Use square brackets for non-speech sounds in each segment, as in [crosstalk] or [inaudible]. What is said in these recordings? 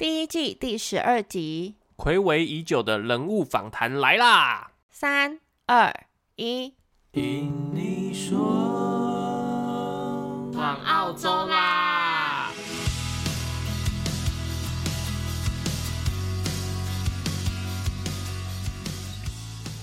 第一季第十二集，睽違已久的人物訪談來啦！三二一，聽你，聽你說，闖澳洲啦！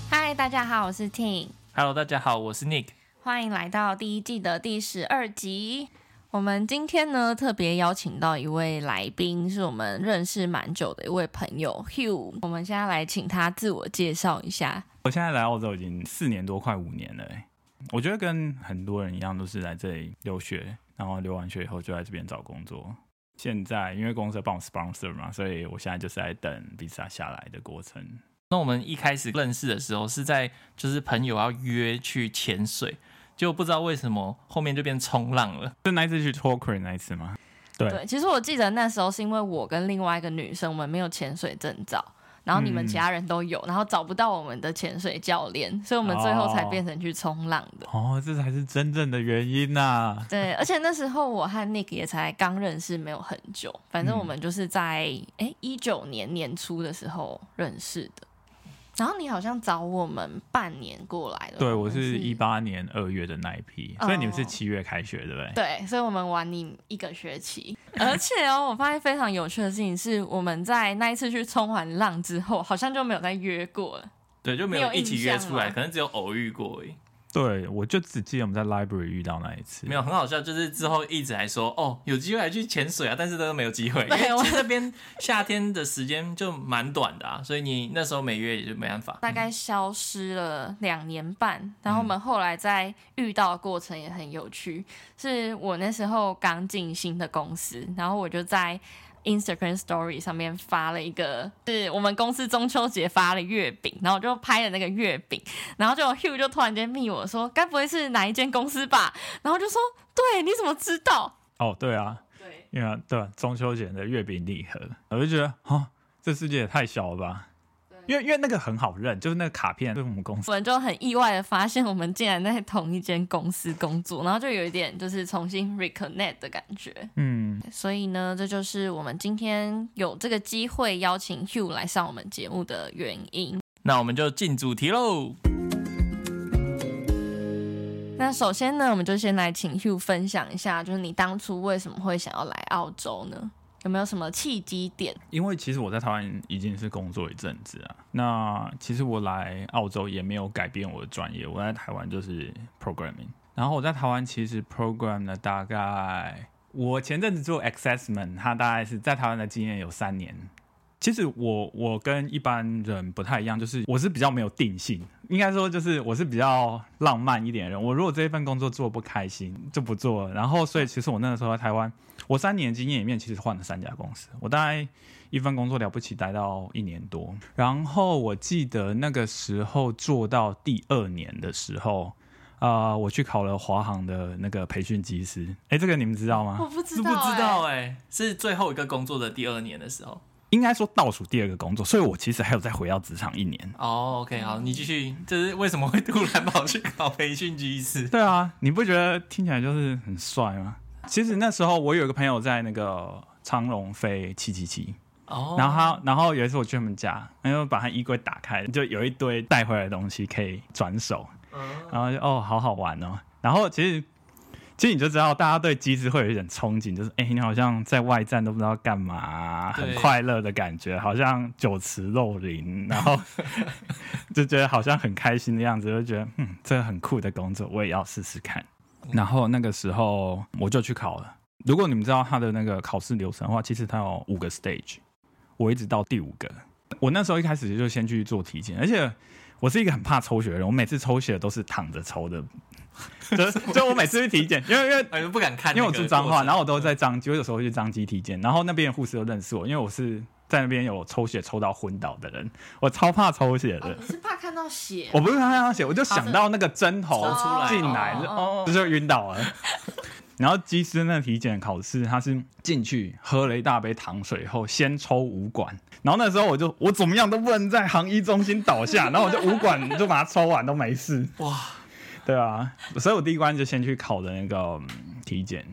嗨，大家好，我是 Ting。Hello，大家好，我是 Nick。歡迎來到第一季的第十二集。我們今天呢，特別邀請到一位來賓，是我們認識蠻久的一位朋友 Hugh。我們現在來請他自我介紹一下。我現在來澳洲已經四年多，快五年了。我覺得跟很多人一樣，都是來這裡留學，然後留完學以後就在這邊找工作。現在因為公司幫我 sponsor 嘛，所以我現在就是在等 visa 下來的過程。那我們一開始認識的時候是在就是朋友要約去潛水，就不知道為什麼後面就變衝浪了，就那次去 Torquay 那次嗎？對，對，其實我記得那時候是因為我跟另外一個女生，我們沒有潛水證照，然後你們其他人都有，嗯、然後找不到我們的潛水教練，所以我們最後才變成去衝浪的。哦，哦，這才是真正的原因吶、啊。對，而且那時候我和 Nick 也才剛認識沒有很久，反正我們就是在、嗯、誒一九年年初的時候認識的。然後你好像找我們半年過來了。對，我是一八年二月的那一批，嗯，所以你們是七月開學，對不對？對，所以我們玩你一個學期。而且哦，我發現非常有趣的事情是，我們在那一次去衝完浪之後，好像就沒有再約過了。對，就沒有一起約出來，可能只有偶遇過而已。對，我就只記得我們在 library 遇到那一次，沒有很好笑，就是之後一直還說，哦，有機會還去潛水啊，但是都沒有機會。對，我們那邊夏天的時間就蠻短的啊，所以你那時候每月也就沒辦法。大概消失了兩年半，嗯，然後我們後來再遇到的過程也很有趣，是我那時候剛進新的公司，然後我就在。Instagram Story 上面發了一個，就是我們公司中秋節發了月餅，然後就拍了那個月餅，然後就 Hugh 就突然間密我說，該不會是哪一間公司吧？然後就說，對，你怎麼知道？哦，對啊，對，因為對啊，中秋節的月餅禮盒，我就覺得，哦，這世界也太小了吧。因為因為那個很好認，就是那個卡片，對我們公司。我們就很意外的發現，我們竟然在同一間公司工作，然後就有一點就是重新 reconnect 的感覺。嗯，所以呢，這就是我們今天有這個機會邀請 Hugh 來上我們節目的原因。那我們就進主題嘍。那首先呢，我們就先來請 Hugh 分享一下，就是你當初為什麼會想要來澳洲呢？有沒有什麼契機點？因為其實我在台灣已經是工作一陣子啊。那其實我來澳洲也沒有改變我的專業。我在台灣就是 programming，然後我在台灣其實 programming 大概，我前陣子做 assessment，他大概是在台灣的經驗有三年。其實我我跟一般人不太一樣，就是我是比較沒有定性，應該說就是我是比較浪漫一點的人。我如果這一份工作做不開心就不做了。然後所以其實我那個時候在台灣。我三年經驗裡面，其實換了三家公司。我大概一份工作了不起待到一年多。然後我記得那個時候做到第二年的時候，啊、呃，我去考了華航的那個培訓機師。哎，這個你們知道嗎？我不知道、欸，是不知道哎、欸。是最後一個工作的第二年的時候，應該說倒數第二個工作，所以我其實還有再回到職場一年。哦、oh，OK，好，你繼續。就是為什麼會突然跑去考培訓機師？對啊，你不覺得聽起來就是很帥嗎？其實那時候我有一個朋友在那個昌龍飛七七七，哦，然後他然後有一次我去他們家，然後把他衣櫃打開，就有一堆帶回來的東西可以轉手，然後就哦，好好玩哦。然後其實其實你就知道，大家對機師會有一點憧憬，就是哎、欸，你好像在外站都不知道幹嘛，對很快樂的感覺，好像酒池肉林，然後 [laughs] 就覺得好像很開心的樣子，就覺得嗯，這個很酷的工作，我也要試試看。然後那個時候我就去考了。如果你們知道他的那個考試流程的話，其實他有五個 stage，我一直到第五個。我那時候一開始就先去做體檢，而且我是一個很怕抽血的人，我每次抽血都是躺着抽的。 [laughs] 就是就我每次去體檢， [laughs] 因為因為哎、哦、不敢看，那個，因為我是彰化，然後我都在彰化，我，嗯、有時候去彰基體檢，然後那邊的護士都認識我，因為我是。在那邊有抽血抽到昏倒的人，我超怕抽血的。哦、你是怕看到血啊？ [laughs] 我不是怕看到血，我就想到那個針頭出來進來，哦、就暈、哦、倒了。 [laughs] 然後機師那體檢考試，他是進去喝了一大杯糖水以後，先抽五管。然後那時候我就我怎麼樣都不能在航醫中心倒下， [laughs] 然後我就五管就把它抽完都沒事。哇，對啊，所以我第一關就先去考的那個、嗯、體檢。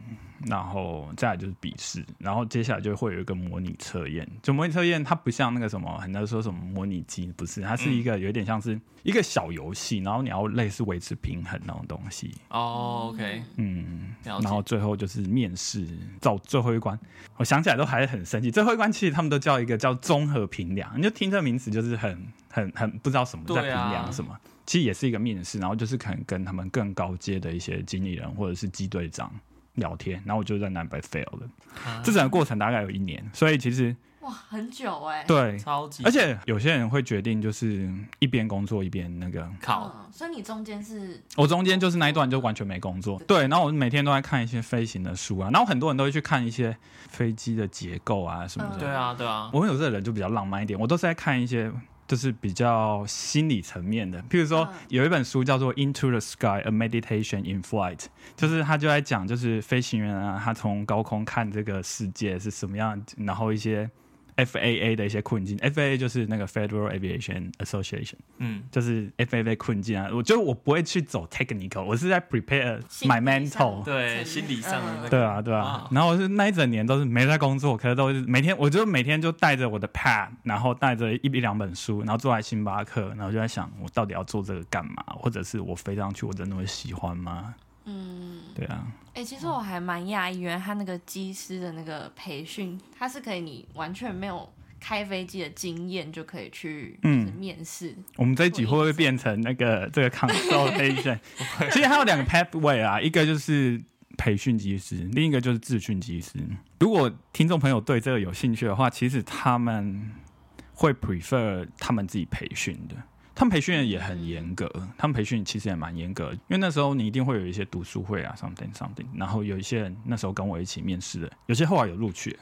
然後再來就是筆試，然後接下來就會有一個模擬測驗。就模擬測驗，它不像那個什麼，很多人說什麼模擬機，不是，它是一個有點像是一個小遊戲，然後你要類似維持平衡那種東西。哦、oh，OK，嗯，了解。然後最後就是面試，走最後一關。我想起來都還是很生氣。最後一關其實他們都叫一個叫綜合評量，你就聽這個名詞就是很很很不知道什麼、啊、在評量什麼。其實也是一個面試，然後就是可能跟他們更高階的一些經理人或者是機隊長。聊天，然後我就在南北 fail 了。這、啊、整個過程大概有一年，所以其實哇，很久哎、欸，對，超級。而且有些人會決定就是一邊工作一邊那個考、嗯，所以你中間是我中間就是那一段就完全沒工作，對，對。然後我每天都在看一些飛行的書啊，然後很多人都會去看一些飛機的結構啊什麼的、嗯。對啊，對啊。我們有些人就比較浪漫一點，我都是在看一些。就是比較心理層面的，譬如說有一本書叫做《Into the Sky: A Meditation in Flight》，就是他就在講，就是飛行員啊，他從高空看這個世界是什麼樣子，然後一些。F A A 的一些困境，F A A 就是那個 Federal Aviation Association，嗯，就是 F A A 困境啊。我就我不會去走 technical，我是在 prepare my mental，對，心理上的、那個，對啊，對啊。哦、然後我是那一整年都是沒在工作，可是都是每天，我就每天就帶着我的 pad，然後帶着一，一兩本書，然後坐在星巴克，然後就在想，我到底要做這個幹嘛？或者是我飛上去，我真的會喜歡嗎？嗯，對啊，哎、欸，其實我還蠻訝異，原來他那個機師的那個培訓，他是可以你完全沒有開飛機的經驗就可以去面，嗯，面試。我們這一集會不會變成那個這個 consultation？ [laughs] 其實還有兩個 pathway 啊，一個就是培訓機師，另一個就是自訓機師。如果聽眾朋友對這個有興趣的話，其實他們會 prefer 他們自己培訓的。他們培訓也很嚴格，他們培訓其實也蠻嚴格，因為那時候你一定會有一些讀書會啊，something something。然後有一些人那時候跟我一起面試的，有些後來有錄取，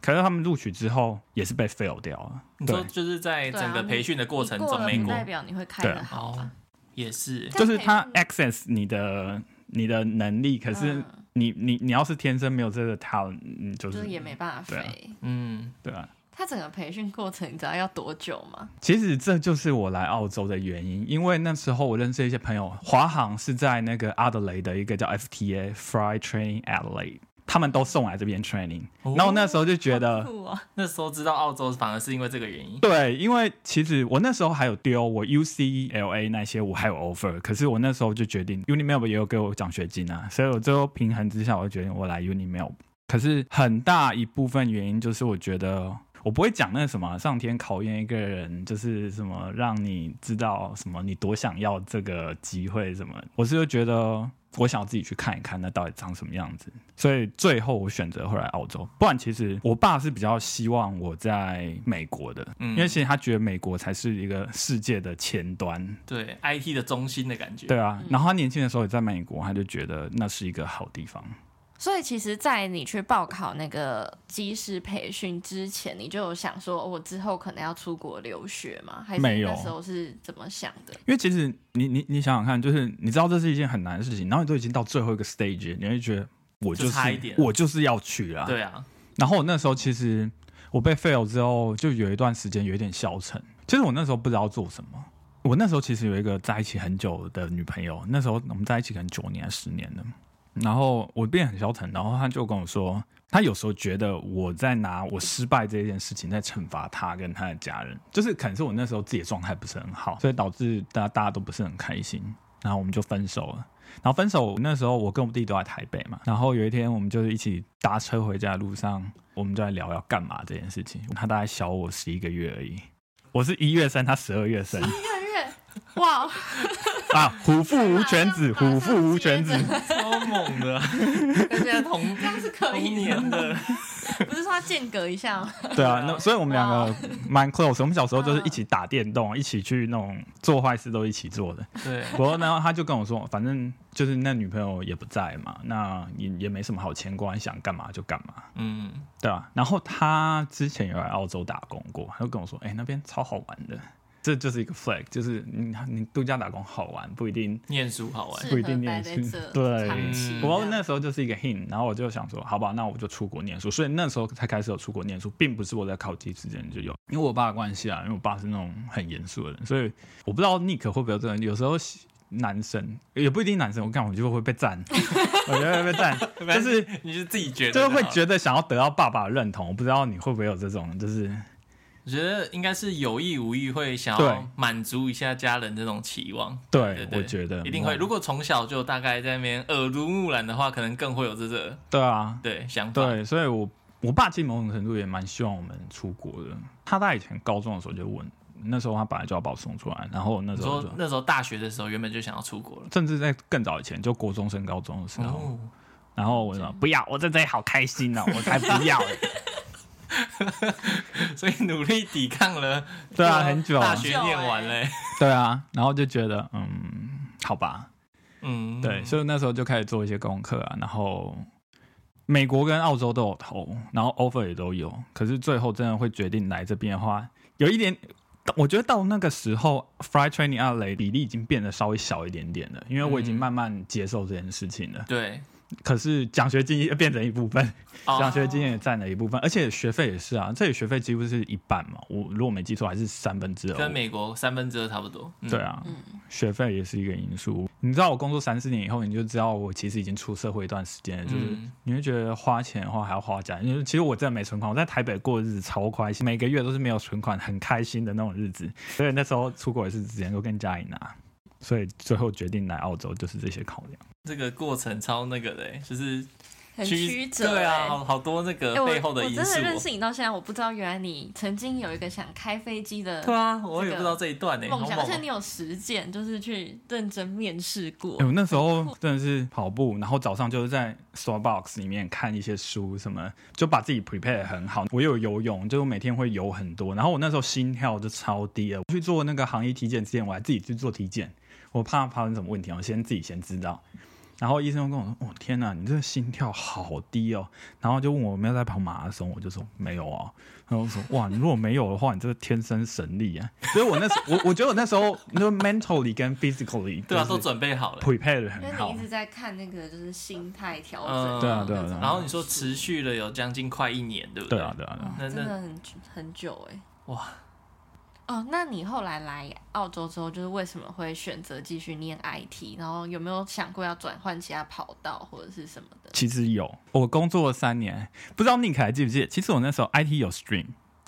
可是他們錄取之後也是被 fail 掉了。對，就是在整個培訓的過程中，對啊、過代表你會開得好，啊 oh, 也是，就是他 access 你的你的能力，可是你你你，你要是天生沒有這個 talent、就是、就是也沒辦法。對，嗯，對啊。嗯對啊。他整個培訓過程你知道要多久嗎？其實這就是我來澳洲的原因，因為那時候我認識一些朋友，華航是在那個阿德雷的一個叫 FTA Fly Training Adelaide，他們都送來這邊 training、哦。那我那時候就覺得，哦哦、那時候知道澳洲反而是因為這個原因。對，因為其實我那時候還有丟我 UCLA 那些我還有 offer，可是我那時候就決定 UniMelb 也有給我獎學金啊，所以我最後平衡之下，我就決定我來 UniMelb。可是很大一部分原因就是我覺得。我不會講那什麼上天考驗一個人，就是什麼讓你知道什麼你多想要這個機會什麼。我是覺得我想要自己去看一看那到底長什麼樣子，所以最後我選擇回來澳洲。不然其實我爸是比較希望我在美國的，因為其實他覺得美國才是一個世界的前端，對 IT 的中心的感覺。對啊，然後他年輕的時候也在美國，他就覺得那是一個好地方。所以其實，在你去報考那個機師培訓之前，你就有想說，我、哦、之後可能要出國留學嗎？沒有，還是那時候是怎麼想的？因為其實你你你想想看，就是你知道這是一件很難的事情，然後你都已經到最後一個 stage，你會覺得我就是就差一點我就是要去啊。對啊。然後我那時候其實我被 fail 之後，就有一段時間有一點消沉。其實我那時候不知道做什麼。我那時候其實有一個在一起很久的女朋友，那時候我們在一起可能九年、十年了。然後我變得很消沉，然後他就跟我說，他有時候覺得我在拿我失敗這件事情在懲罰他跟他的家人，就是可能是我那時候自己的狀態不是很好，所以導致大家大家都不是很開心，然後我們就分手了。然後分手那時候我跟我弟弟都在台北嘛，然後有一天我們就是一起搭車回家的路上，我們就在聊要幹嘛這件事情。他大概小我十一個月而已，我是一月生，他十二月生。哇！Wow [laughs] 啊，虎父無犬子，虎父無犬子，超猛的啊。現在 [laughs] [laughs] 同班是可以年的， [laughs] 不是說間隔一下嗎？對啊，那所以我們兩個蠻 close，oh. 我們小時候就是一起打電動，oh. 一起去那種做壞事都一起做的。對。然後他就跟我說，反正就是那女朋友也不在嘛，那你也，也沒什麼好牽掛，想幹嘛就幹嘛。嗯，對啊。然後他之前有來澳洲打工過，他就跟我說，哎、欸，那邊超好玩的。這就是一個 flag，就是你你度假打工好玩，不一定念書好玩，不一定念書。對，嗯，我那時候就是一個 hint，然後我就想說，好吧，那我就出國念書。所以那時候才開始有出國念書，並不是我在考級之間就有，因為我爸的關係啊，因為我爸是那種很嚴肅的人，所以我不知道 Nick 會不會有這種，有時候男生也不一定男生，我感覺我就會被贊， [laughs] 我覺得會被贊， [laughs] 就是你是自己覺得，就是會覺得想要得到爸爸的認同，我不知道你會不會有這種，就是。我覺得應該是有意無意會想要滿足一下家人這種期望，對，對對對，我覺得一定會。如果從小就大概在那邊耳濡目染的話，可能更會有這個。對啊，對，想法。對，所以我我爸其實某種程度也蠻希望我們出國的。他在以前高中的時候就問，那時候他本來就要把我送出來，然後那時候那時候大學的時候原本就想要出國了，甚至在更早以前就國中升高中的時候，哦、然後我就說不要，我在這裡好開心哦、喔， [laughs] 我才不要、欸。 [laughs] [laughs] 所以努力抵抗了，對啊，很久，大學念完嘞，對啊，然後就覺得，嗯，好吧，嗯，對，所以那時候就開始做一些功課啊，然後美國跟澳洲都有投，然後 offer 也都有，可是最後真的會決定來這邊的話，有一點，我覺得到那個時候，fly training 阿雷比例已經變得稍微小一點點了，因為我已經慢慢接受這件事情了，嗯、對。可是獎學金也變成一部分，oh，獎學金也占了一部分，而且學費也是啊，這裡學費幾乎是一半嘛。我如果沒記錯，還是三分之二，跟美國三分之二差不多。對啊，嗯、學費也是一個因素。你知道我工作三四年以後，你就知道我其實已經出社會一段時間，就是你會覺得花錢的話還要花家，因為其實我真的沒存款，我在台北過的日子超開心，每個月都是沒有存款很開心的那種日子。所以那時候出國也是直接都跟家裡拿。所以最後決定來澳洲，就是這些考量。這個過程超那個的、欸，就是很曲折、欸。對啊好，好多那個背後的因素、欸、我我真我認識你到現在，我不知道原來你曾經有一個想開飛機的。對啊，我也不知道這一段的夢想，而且、喔、你有實踐，就是去認真面試過。有、欸，那時候真的是跑步，然後早上就是在 Starbucks 裡面看一些書，什麼就把自己 prepare 很好。我有游泳，就我每天會游很多。然後我那時候心跳就超低了。我去做那個行業體檢之前，我還自己去做體檢。我怕發生什麼問題，我先自己先知道。然後醫生又跟我說：“哦天啊，你這心跳好低哦。”然後就問我有沒有在跑馬拉松，我就說沒有啊。然後我說：“哇，你如果沒有的話，你這個天生神力啊！”所以，我那時我我覺得我那時候，那 mentally 跟 physically 對啊，都準備好了，prepared 很好。因為你一直在看那個，就是心態調整。對啊、嗯嗯、對啊，然後你說持續了有將近快一年，對不對？啊對啊，真的很很久哎、欸。哇。哦，那你後來來澳洲之後，就是為什麼會選擇繼續念 IT？然後有沒有想過要轉換其他跑道或者是什麼的？其實有，我工作了三年，不知道 Nick 還記不記得？其實我那時候 IT 有 Stream，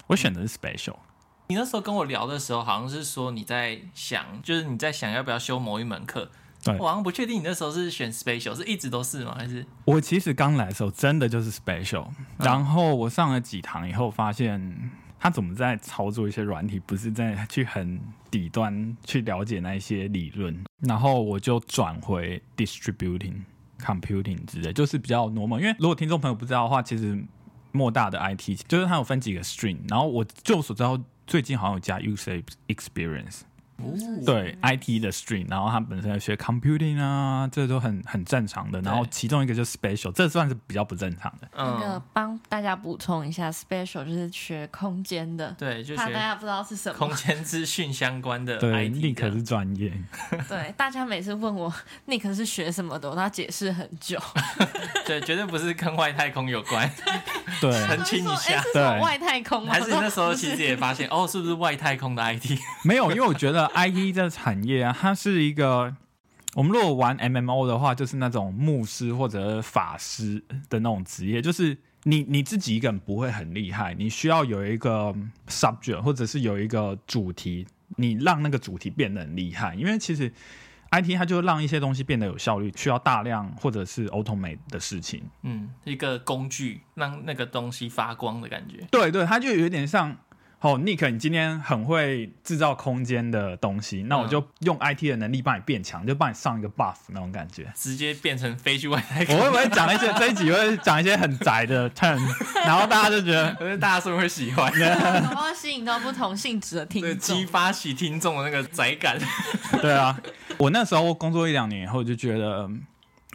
我選的是 Special。嗯。你那時候跟我聊的時候，好像是說你在想，就是你在想要不要修某一門課？對，我好像不確定你那時候是選 Special，是一直都是嗎？還是我其實剛來的時候真的就是 Special，然後我上了幾堂以後發現。嗯他怎麼在操作一些軟體？不是在去很底端去了解那一些理論，然後我就轉回 distributing computing 之類，就是比較 normal。因為如果聽眾朋友不知道的話，其實莫大的 IT，就是它有分幾個 string。然後我就所知道，最近好像有加 user experience。對 IT 的 stream，然後他本身要學 computing 啊，這都很很正常的。然後其中一個就是 special，這算是比較不正常的。嗯，幫大家補充一下，special 就是學空間的，對，怕大家不知道是什麼空間資訊相關的 IT 可是專業。對，大家每次問我你可是學什麼的，我都要解釋很久。對，絕對不是跟外太空有關。對，澄清一下，外太空還是你那時候其實也發現，哦，是不是外太空的 IT？沒有，因為我覺得。I T 這產業啊，它是一個我們如果玩 MMO 的話，就是那種牧師或者法師的那種職業，就是你你自己一個人不會很厲害，你需要有一個 subject 或者是有一個主題，你讓那個主題變得很厲害。因為其實 I T 它就讓一些東西變得有效率，需要大量或者是 automate 的事情。嗯，一個工具讓那個東西發光的感覺。對，對對，它就有點像。哦、oh，Nick，你今天很會製造空間的東西，那我就用 IT 的能力幫你變強，嗯、就幫你上一個 buff 那種感覺，直接變成飛去外太空。我會不會講一些 [laughs] 這一集會講一些很宅的 term，然後大家就覺得 [laughs] 大家是不是會喜歡？我會吸引到不同性質的聽眾，激發起聽眾的那個宅感。 [laughs] 對啊，我那時候我工作一兩年以後就覺得。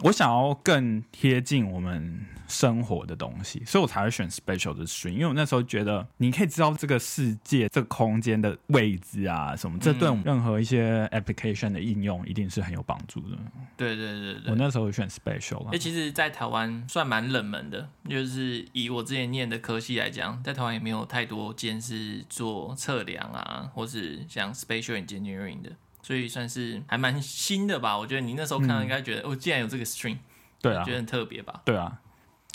我想要更貼近我們生活的東西，所以我才會選 special 的 stream。因為我那時候覺得，你可以知道這個世界、這個空間的位置啊，什麼，這對我們任何一些 application 的應用一定是很有幫助的。嗯。對對對對，對。我那時候選 special 吧，其實在台灣算蠻冷門的，就是以我之前念的科系來講，在台灣也沒有太多間是做測量啊，或是像 spatial engineering 的。所以算是還蠻新的吧，我覺得你那時候看到應該覺得，嗯、哦，竟然有這個 string。對啊，覺得很特別吧？對啊，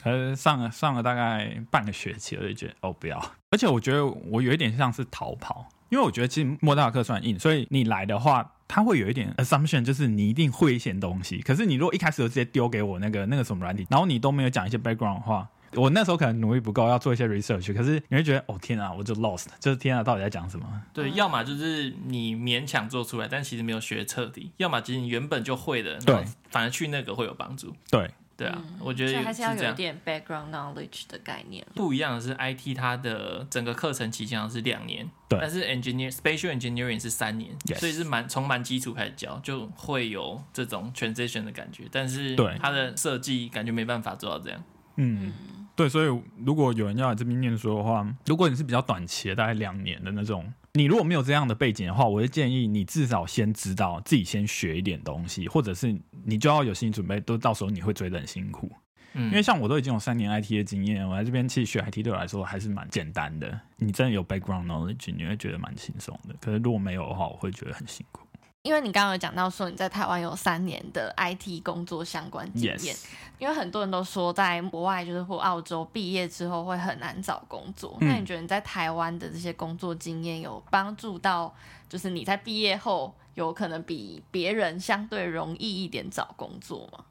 可是上了上了大概半個學期，我就覺得，哦，不要。而且我覺得我有一點像是逃跑，因為我覺得其實莫大課算硬，所以你來的話，他會有一點 assumption，就是你一定會一些東西。可是你如果一開始就直接丟給我那個那個什麼軟體，然後你都沒有講一些 background 的話。我那時候可能努力不夠，要做一些 research，可是你會覺得哦天啊，我就 lost，就是天啊，到底在講什麼？對，要麼就是你勉強做出來，但其實沒有學徹底；要麼就是你原本就會的，對，反而去那個會有幫助。對，對啊，嗯、我覺得是還是要有一點 background knowledge 的概念。不一樣的是，IT 它的整個課程期間好像是兩年，對，但是 engineer，special engineering 是三年，Yes 所以是蠻從蠻基礎開始教，就會有這種 transition 的感覺。但是對它的設計，感覺沒辦法做到這樣。對嗯。嗯對，所以如果有人要來這邊念書的話，如果你是比較短期的，大概兩年的那種，你如果沒有這樣的背景的話，我會建議你至少先知道自己先學一點東西，或者是你就要有心理準備，都到時候你會覺得很辛苦。嗯，因為像我都已經有三年 IT 的經驗，我來這邊其實學 IT 對我來說還是蠻簡單的。你真的有 background knowledge，你會覺得蠻輕鬆的。可是如果沒有的話，我會覺得很辛苦。因為你剛剛有講到說你在台灣有三年的 IT 工作相關經驗，Yes. 因為很多人都說在國外就是或澳洲畢業之後會很難找工作，嗯，那你覺得你在台灣的這些工作經驗有幫助到，就是你在畢業後有可能比別人相對容易一點找工作嗎？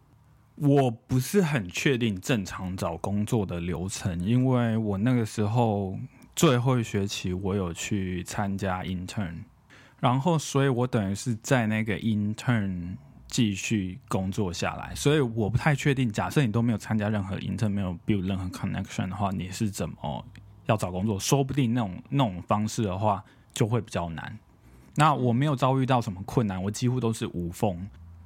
我不是很確定正常找工作的流程，因為我那個時候最後一學期我有去參加 intern。然後，所以我等於是在那個 intern 繼續工作下來，所以我不太確定。假設你都沒有參加任何 intern，沒有 build 任何 connection 的話，你是怎麼要找工作？說不定那種那種方式的話就會比較難。那我沒有遭遇到什麼困難，我幾乎都是無縫，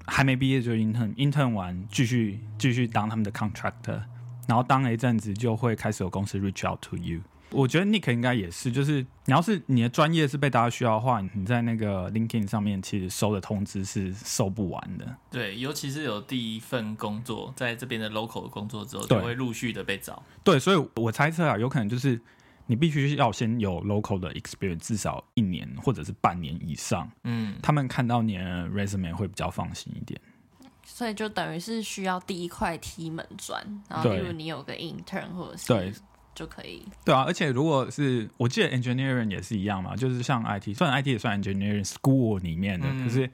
還沒畢業就 intern，intern in 完繼續繼續當他們的 contractor，然後當了一陣子就會開始有公司 reach out to you。我覺得 Nick 應該也是，就是你要是你的專業是被大家需要的話，你在那個 LinkedIn 上面其實收的通知是收不完的。對，尤其是有第一份工作在這邊的 local 工作之後，就會陸續的被找。對，對，所以，我猜測啊，有可能就是你必須要先有 local 的 experience，至少一年或者是半年以上。嗯，他們看到你的 resume 會比較放心一點。所以就等於是需要第一塊踢門磚，然後例如你有個 intern 或者是。對對。就可以。對啊，而且如果是我記得，engineering 也是一樣嘛，就是像 IT，雖然 IT 也算 engineering school 裡面的，嗯、可是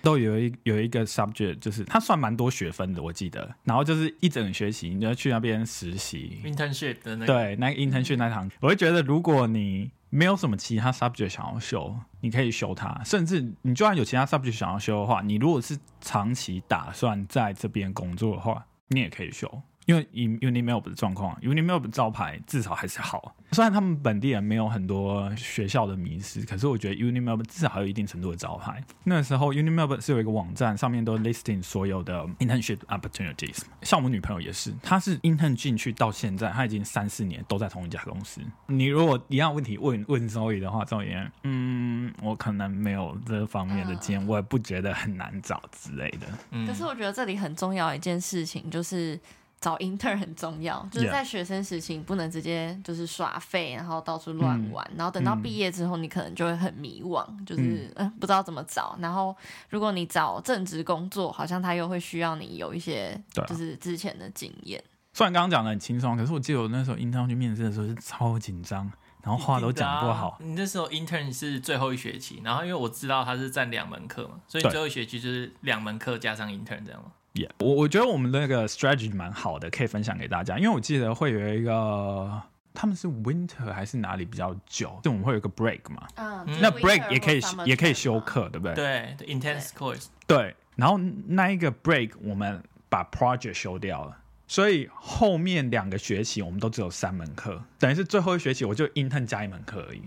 都有一有一個 subject，就是它算蠻多學分的。我記得，然後就是一整個學期，你就要去那邊實習 internship 的。嗯、對，那個 internship 那堂，嗯、我會覺得，如果你沒有什麼其他 subject 想要修，你可以修它。甚至你就算有其他 subject 想要修的話，你如果是長期打算在這邊工作的話，你也可以修。因為以 Unimelb 的狀況，Unimelb 的招牌至少還是好。雖然他們本地人沒有很多學校的迷思，可是我覺得 Unimelb 至少有一定程度的招牌。那時候 Unimelb 是有一個網站，上面都 listing 所有的 internship opportunities。像我女朋友也是，她是 intern 進去到現在，她已經三四年都在同一家公司。你如果一樣問題問問 Zoe 的話，Zoe，嗯，我可能沒有這方面的經驗，我也不覺得很難找之類的。嗯、可是我覺得這裡很重要一件事情就是。找 intern 很重要，就是在學生時期不能直接就是耍廢，然後到處亂玩，嗯、然後等到畢業之後你可能就會很迷惘，嗯、就是嗯不知道怎麼找。然後如果你找正職工作，好像他又會需要你有一些就是之前的經驗。雖然剛剛講的很輕鬆，可是我記得我那時候 intern 去面試的時候是超緊張，然後話都講不好、啊。你那時候 intern 是最後一學期，然後因為我知道他是占兩門課嘛，所以最後一學期就是兩門課加上 intern 這樣。Yeah. 我我覺得我們的那個 strategy 蠻好的，可以分享給大家。因為我記得會有一個，他們是 winter 還是哪裡比較久，就我們會有一個 break 嘛。嗯，那 break 也可以也可以修課，對不對？對，intense course 對。對，然後那一個 break 我們把 project 修掉了，所以後面兩個學期我們都只有三門課，等於是最後一學期我就 intern 加一門課而已。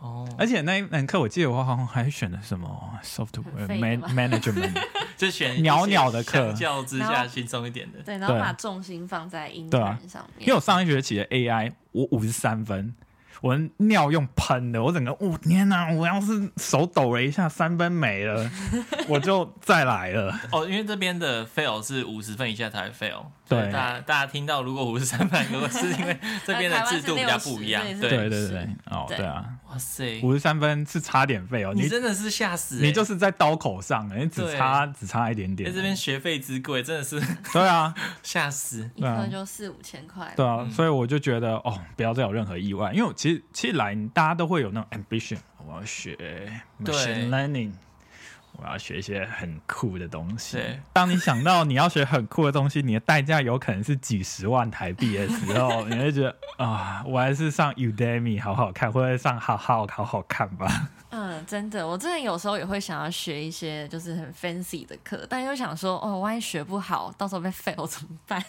哦，而且那一門課我記得我，好像還選了什麼 software management 就選鳥一鳥的課，相較之下輕鬆一點的。對，然後把重心放在英文上面、啊。因為我上一學期的 AI 我五十三分，我尿用噴的，我整個我、哦、天啊，我要是手抖了一下，三分沒了， [laughs] 我就再來了。哦，因為這邊的 fail 是五十分以下才 fail。對，大家大家聽到如果五十三分，如果是因為這邊的制度比較不一樣。對對對，哦對啊，哇塞，五十三分是差點費哦。你真的是嚇死，你就是在刀口上，你只差只差一點點。這邊學費之貴，真的是。對啊，嚇死，一科就四五千塊。對啊，所以我就覺得哦，不要再有任何意外，因為其實其實來大家都會有那種 ambition，我要學，我要 learning。我要學一些很酷的東西。對當你想到你要學很酷的東西，你的代價有可能是幾十萬台幣的時候， [laughs] 你會覺得啊、呃，我還是上 Udemy 好好看，或者上好好好好看吧。嗯，真的，我之前有時候也會想要學一些就是很 fancy 的課，但又想說，哦，我萬一學不好，到時候被 fail 怎麼辦？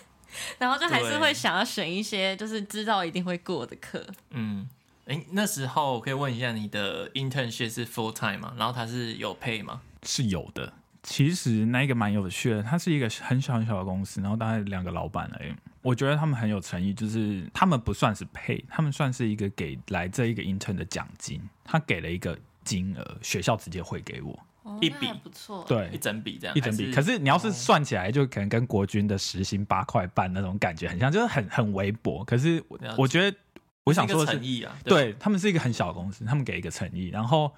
然後就還是會想要選一些就是知道一定會過的課。對嗯。哎，那時候我可以問一下，你的 internship 是 full time 嗎？然後他是有 pay 嗎？是有的。其實那個蠻有趣的，他是一個很小很小的公司，然後大概兩個老板而已。我覺得他們很有誠意，就是他們不算是 pay，他們算是一個給來這一個 intern 的獎金。他給了一個金額，學校直接匯給我、哦、一筆，不錯，對，一整筆這樣，一整筆。是，可是你要是算起來，哦、就可能跟國軍的時薪八塊半那種感覺很像，就是很很微薄。可是我覺得。我想說是誠意啊，就是、對，他們是一個很小的公司，他們給一個誠意。然後、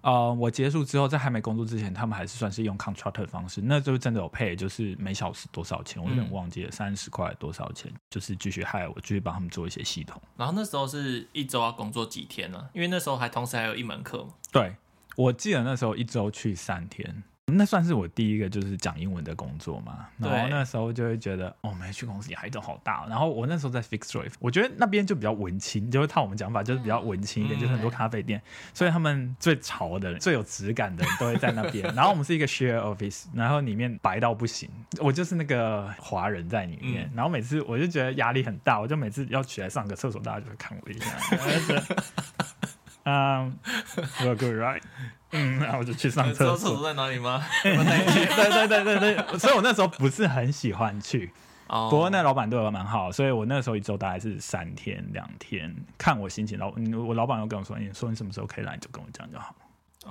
呃，我結束之後，在還沒工作之前，他們還是算是用 contract 的方式。那時候真的有 pay，就是每小時多少錢，我有點忘記了，三十塊多少錢，嗯、就是繼續害我繼續幫他們做一些系統。然後那時候是一周要工作幾天呢、啊？因為那時候還同時還有一門課。對，我記得那時候一周去三天。那算是我第一個就是講英文的工作嘛。對。那時候就會覺得，哦，沒去公司還都好大，喔。然後我那時候在 Fix Drive，我覺得那邊就比較文青，就會、是、套我們講法，就是比較文青一點，嗯、就是很多咖啡店，嗯、所以他們最潮的人、最有質感的人都會在那邊。 [laughs] 然後我們是一個 Share Office，然後裡面白到不行，我就是那個華人在裡面。嗯、然後每次我就覺得壓力很大，我就每次要起來上個廁所，大家就會看我一下。 [laughs] [laughs] 嗯，we're good, right? 嗯，那我就去上廁所。廁所在哪裡嗎？ [laughs] [laughs] [laughs] 對對對對對，所以我那時候不是很喜歡去。哦，oh. 不過那老闆對我蠻好，所以我那時候一周大概是三天兩天，看我心情。老、嗯，我老闆又跟我說：“你、欸、說你什麼時候可以來，你就跟我講就好。”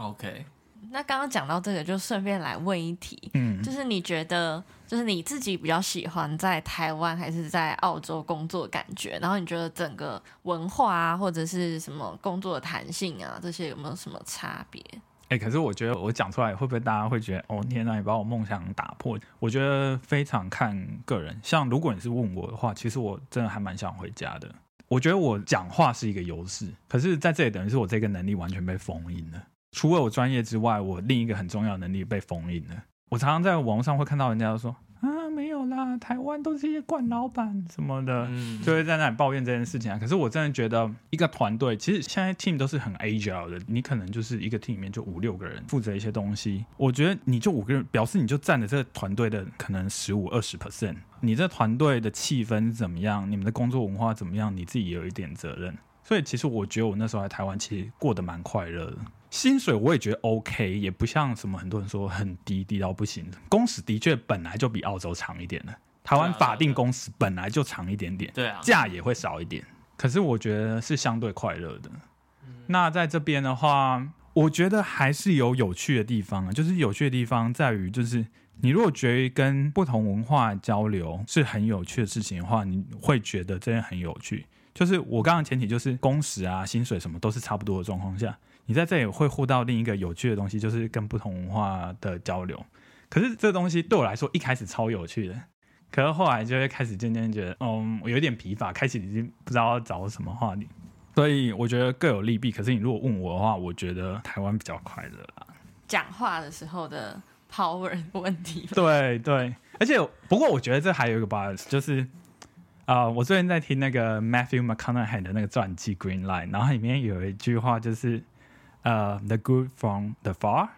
OK，那剛剛講到這個，就順便來問一題，嗯，就是你覺得。就是你自己比較喜歡在台灣還是在澳洲工作的感覺？然後你覺得整個文化啊，或者是什麼工作的彈性啊，這些有沒有什麼差別？哎、欸，可是我覺得我講出來會不會大家會覺得哦，天啊，你把我夢想打破？我覺得非常看個人。像如果你是問我的話，其實我真的還蠻想回家的。我覺得我講話是一個優勢，可是在這裡等於是我這個能力完全被封印了。除了我專業之外，我另一個很重要的能力被封印了。我常常在網上會看到人家說啊，沒有啦，台灣都是一些慣老闆什麼的，嗯、就會在那裡抱怨這件事情啊。可是我真的覺得，一個團隊其實現在 team 都是很 agile 的，你可能就是一個 team 裡面就五六個人負責一些東西。我覺得你就五個人，表示你就占了這個團隊的可能十五二十 percent。你這團隊的氣氛怎麼樣？你們的工作文化怎麼樣？你自己也有一點責任。所以其實我覺得我那時候來台灣，其實過得蠻快樂的。薪水我也覺得 OK，也不像什麼很多人說很低，低到不行。工時的確本來就比澳洲長一點的，台灣法定工時本來就長一點點，對啊，對啊，對啊對啊，假也會少一點。可是我覺得是相對快樂的。啊、那在這邊的話，我覺得還是有有趣的地方，啊，就是有趣的地方在於，就是你如果覺得跟不同文化交流是很有趣的事情的話，你會覺得這很有趣。就是我剛剛前提就是工時啊，薪水什麼都是差不多的狀況下。你在這裡會互到另一個有趣的東西，就是跟不同文化的交流。可是這東西對我來說一開始超有趣的，可是後來就會開始漸漸覺得，嗯，我有點疲乏，開始已經不知道要找什麼話題。所以我覺得各有利弊。可是你如果問我的話，我覺得台灣比較快樂。講話的時候的 power 的問題。對。對對， [laughs] 而且不過我覺得這還有一個 bias 就是啊、呃，我最近在聽那個 Matthew McConaughey 的那個傳記《Green Line》，然後裡面有一句話就是。呃、uh，the good from the far，far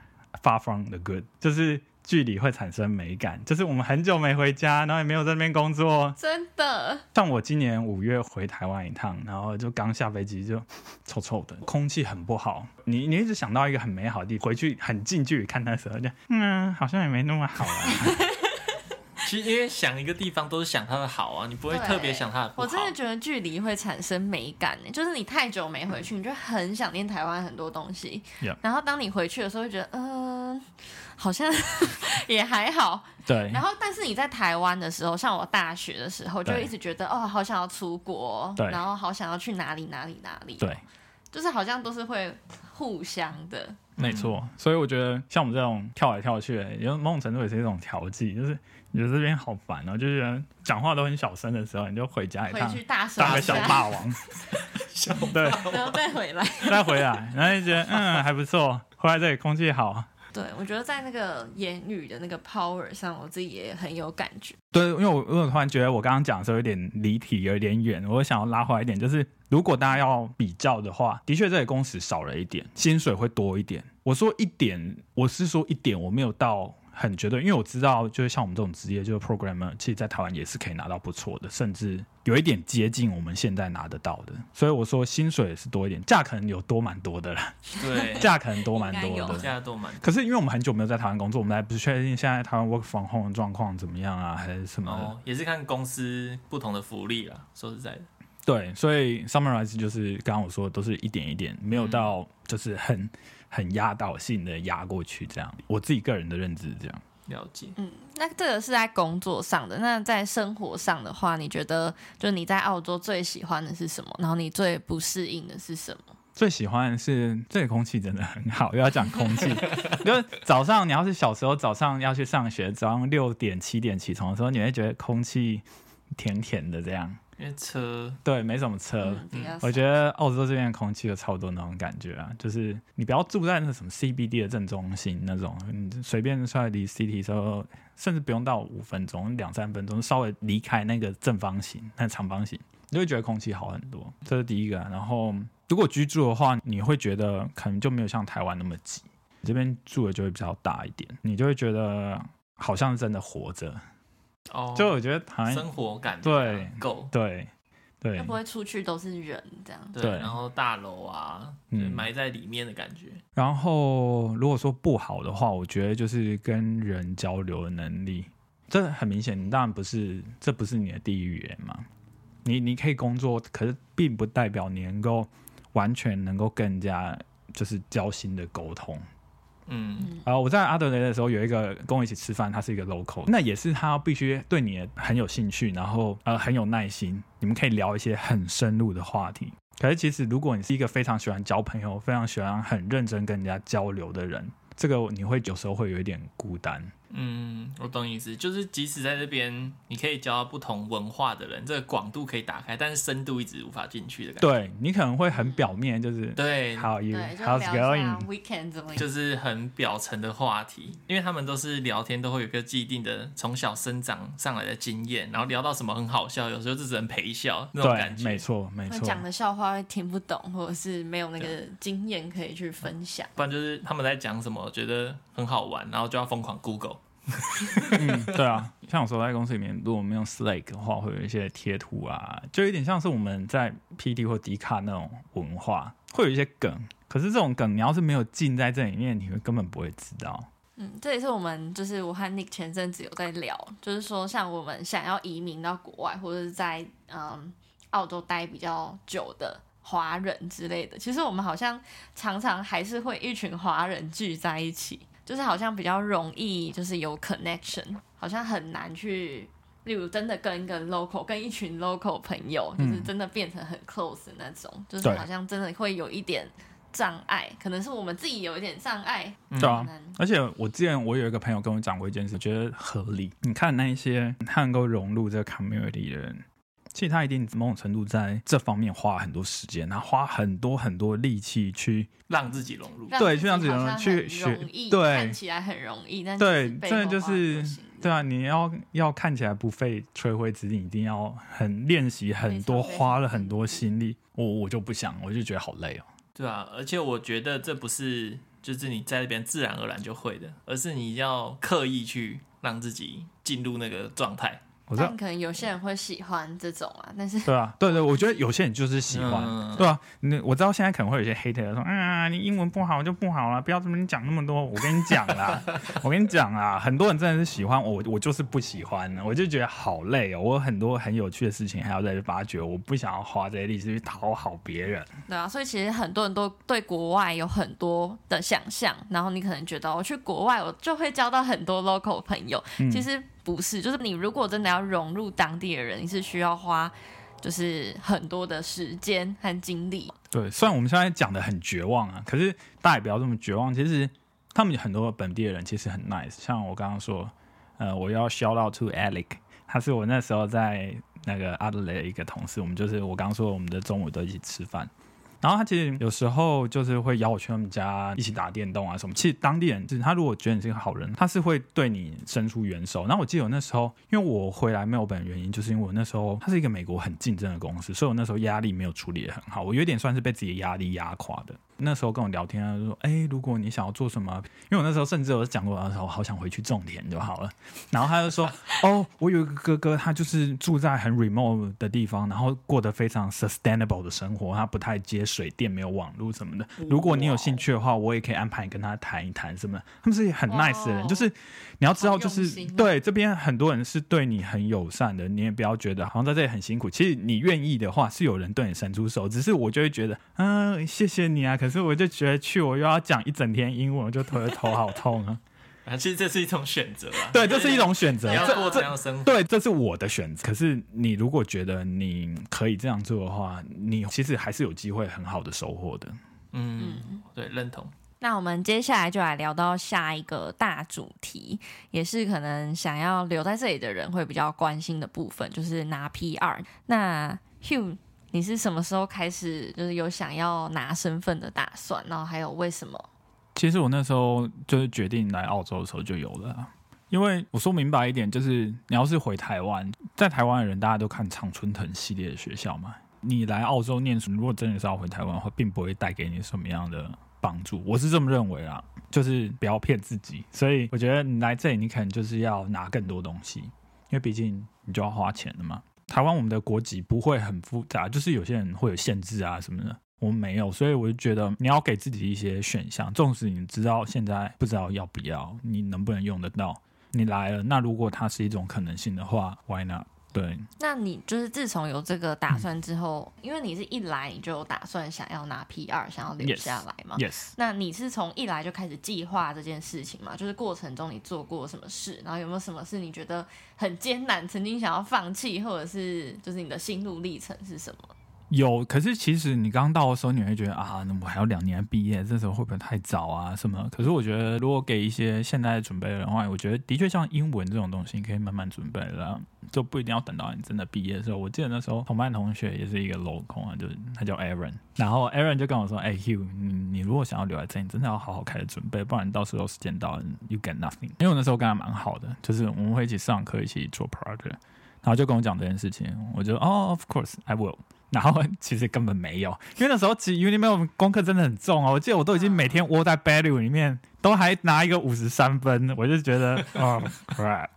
far from the good，就是距離會產生美感。就是我們很久沒回家，然後也沒有在那邊工作，真的。像我今年五月回台灣一趟，然後就剛下飛機就、呃、臭臭的，空氣很不好。你你一直想到一個很美好的地方回去，很近距離看他的時候就，嗯，好像也沒那麼好。 [laughs] 其實因為想一個地方都是想他的好啊，你不會特別想他的好。我真的覺得距離會產生美感，欸，呢，就是你太久沒回去，你就很想念台灣很多東西。嗯、然後當你回去的時候，就覺得嗯，好像呵呵也還好。對。然後但是你在台灣的時候，像我大學的時候，就一直覺得哦，喔，好想要出國，喔，對然後好想要去哪裡哪裡哪裡，喔。對。就是好像都是會互相的。嗯、沒錯，所以我覺得像我們這種跳來跳去，欸，的，有某種程度也是一種調劑，就是。覺得這邊好煩哦，就是講話都很小聲的時候，你就回家一趟，當個小霸王。 [laughs] 大王對，然後再回來，再回來，然後就覺得 [laughs] 嗯，還不錯，回來這裡空氣好。對，我覺得在那個言語的那個 power 上，我自己也很有感覺。對，因為我，我突然覺得我剛剛講的時候有點離題，有點遠，我想要拉回來一點，就是如果大家要比較的話，的確這裡工時少了一點，薪水會多一點。我說一點，我是說一點，我沒有到。很絕對，因為我知道，就是像我們這種職業，就是 programmer，其實，在台灣也是可以拿到不錯的，甚至有一點接近我們現在拿得到的。所以我說，薪水是多一點，價可能有多蠻多的啦。對，價可能多蠻多的，價多蠻多。可是因為我們很久沒有在台灣工作，我們還不確定現在台灣 work from home 的狀況怎麼樣啊，還是什麼？哦，也是看公司不同的福利了。說實在的，對，所以 summarize 就是剛剛我說的，都是一點一點，沒有到就是很。嗯很壓倒性的壓過去，這樣，我自己個人的認知，這樣了解。嗯，那這個是在工作上的，那在生活上的話，你覺得就你在澳洲最喜歡的是什麼？然後你最不適應的是什麼？最喜歡的是這空氣真的很好，又要講空氣，因為 [laughs] 早上你要是小時候早上要去上學，早上六點七點起床的時候，你會覺得空氣甜甜的這樣。因為車，對，沒什麼車，嗯、我覺得澳洲這邊空氣就差不多那種感覺啊，嗯、就是你不要住在那什麼 CBD 的正中心那種，你隨便出來離 city 的時候，甚至不用到五分鐘，兩三分鐘，稍微離開那個正方形，那個、長方形，你會覺得空氣好很多。嗯、這是第一個、啊。然後如果居住的話，你會覺得可能就沒有像台灣那麼擠，你這邊住的就會比較大一點，你就會覺得好像是真的活着。哦，oh, 就我覺得好像生活感覺夠，對，夠，對對，就不會出去都是人這樣，對，然後大樓啊，埋在裡面的感覺。嗯、然後如果說不好的話，我覺得就是跟人交流的能力，這很明顯，當然不是，這不是你的第一語言嘛，你你可以工作，可是並不代表你能夠完全能夠更加就是交心的溝通。嗯，啊、呃，我在阿德雷的時候有一個跟我一起吃飯，他是一個 local，那也是他必須對你很有興趣，然後呃很有耐心，你們可以聊一些很深入的話題。可是其實如果你是一個非常喜歡交朋友、非常喜歡很認真跟人家交流的人，這個你會有時候會有一點孤單。嗯，我懂意思，就是即使在這邊，你可以交到不同文化的人，這個廣度可以打開，但是深度一直無法進去的感覺。對，你可能會很表面，就是對，好，How you, 對，就是聊一下 weekend，就是很表層的話題，因為他們都是聊天，都會有一個既定的從小生長上來的經驗，然後聊到什麼很好笑，有時候就只能陪笑那種感覺。沒錯，沒錯，講的笑話會聽不懂，或者是沒有那個經驗可以去分享。對不然就是他們在講什麼，覺得很好玩，然後就要瘋狂 Google。 [laughs] 嗯，對啊，像我說在公司裡面，如果我們用 Slack 的話，會有一些貼圖啊，就有點像是我們在 PTT 或迪卡那種文化，會有一些梗。可是這種梗，你要是沒有進在這裡面，你會根本不會知道。嗯，這也是我們，就是我和 Nick 前陣子有在聊，就是說，像我們想要移民到國外，或者是在嗯澳洲待比較久的華人之類的，其實我們好像常常還是會一群華人聚在一起。就是好像比較容易，就是有 connection，好像很難去，例如真的跟一個 local，跟一群 local 朋友，就是真的變成很 close 的那種，嗯、就是好像真的會有一點障礙，對可能是我們自己有一點障礙。嗯，啊、難而且我之前我有一個朋友跟我講過一件事，覺得合理。你看那一些他能夠融入這個 community 的人。其實他一定某種程度在這方面花很多時間，然後花很多很多力氣去讓自己融入。對，去讓自己融入，去學。對，看起來很容易，但對，真的就是，對啊，你要要看起來不費吹灰之力，一定要很練習很多，花了很多心力。我我就不想，我就覺得好累哦。對啊，而且我覺得這不是就是你在那邊自然而然就會的，而是你要刻意去讓自己進入那個狀態。我可能有些人會喜歡這種啊，但是對啊，對對，我覺得有些人就是喜歡，嗯、對啊，我知道現在可能會有些 hater 說，啊、嗯，你英文不好就不好啦，不要這麼講那麼多，我跟你講啦， [laughs] 我跟你講啊，很多人真的是喜歡我，我就是不喜歡，我就覺得好累哦，我很多很有趣的事情還要再去發掘，我不想要花這些力氣去討好別人。對啊，所以其實很多人都對國外有很多的想象，然後你可能覺得我去國外我就會交到很多 local 朋友，嗯、其實。不是，就是你如果真的要融入當地的人，你是需要花，就是很多的時間和精力。對，雖然我們現在講的很絕望啊，可是大家也不要這麼絕望。其實他們有很多本地的人其實很 nice。像我剛剛說，呃，我要 shout out to Alec，他是我那時候在那個阿德雷的一個同事。我們就是我剛剛說，我們的中午都一起吃飯。然後他其實有時候就是會邀我去他們家一起打電動啊什麼。其實當地人就是他如果覺得你是個好人，他是會對你伸出援手。然後我記得我那時候，因為我回來沒有本的原因，就是因為我那時候他是一個美國很競爭的公司，所以我那時候壓力沒有處理得很好，我有點算是被自己的壓力壓垮的。那時候跟我聊天他就說：“哎、欸，如果你想要做什麼，因為我那時候甚至有講過，我我好想回去種田就好了。”然後他就說：“ [laughs] 哦，我有一個哥哥，他就是住在很 remote 的地方，然後過得非常 sustainable 的生活，他不太接水電，沒有網路什麼的。哦、如果你有興趣的話，我也可以安排你跟他談一談什麼。他們是很 nice 的人，哦、就是你要知道，就是對這邊很多人是對你很友善的，你也不要覺得好像在這裡很辛苦。其實你願意的話，是有人對你伸出手，只是我就會覺得，嗯、呃，謝謝你啊。”可可是我就覺得去，我又要講一整天英文，我就頭頭好痛啊， [laughs] 啊！其實這是一種選擇啊，對，對這是一種選擇，對這你要過怎樣生活？對，這是我的選擇。可是你如果覺得你可以這樣做的話，你其實還是有機會很好的收穫的。嗯，對，認同。那我們接下來就來聊到下一個大主題，也是可能想要留在這裡的人會比較關心的部分，就是拿 PR。那 Hugh。你是什麼時候開始就是有想要拿身份的打算？然後還有為什麼？其實我那時候就是決定來澳洲的時候就有了，因為我說明白一點，就是你要是回台灣，在台灣的人大家都看常春藤系列的學校嘛。你來澳洲念書，如果真的是要回台灣的話，並不會帶給你什麼樣的幫助，我是這麼認為啦，就是不要騙自己。所以我覺得你來這裡，你可能就是要拿更多東西，因為畢竟你就要花錢了嘛。台灣我們的國籍不會很複雜，就是有些人會有限制啊什麼的，我們沒有，所以我就覺得你要給自己一些選項，縱使你知道現在不知道要不要，你能不能用得到，你來了，那如果它是一種可能性的話，Why not？對，那你就是自從有這個打算之後，嗯、因為你是一來你就打算想要拿 PR，想要留下來嘛 Yes. 那你是從一來就開始計劃這件事情嘛？就是過程中你做過什麼事，然後有沒有什麼事你覺得很艱難，曾經想要放棄，或者是就是你的心路歷程是什麼？有，可是其實你剛到的時候，你會覺得啊，那我還有兩年畢業，這時候會不會太早啊？什麼？可是我覺得，如果給一些現在準備的話，我覺得的確像英文這種東西，可以慢慢準備了，然後就不一定要等到你真的畢業的時候。我記得那時候同班同學也是一個鏤空啊，就是他叫 Aaron，然後 Aaron 就跟我說：“哎、欸、，Hugh，你你如果想要留在這裡，你真的要好好開始準備，不然到時候時間到了，you get nothing。”因為我那時候跟他蠻好的，就是我們會一起上課，一起做 project，然後就跟我講這件事情，我就哦、oh,，of course I will。然後其實根本沒有，因為那時候其實因為 Uni 的功課真的很重哦、啊。我記得我都已經每天窩在 value 裡面，都還拿一個五十三分，我就覺得啊、 [laughs] oh, crap，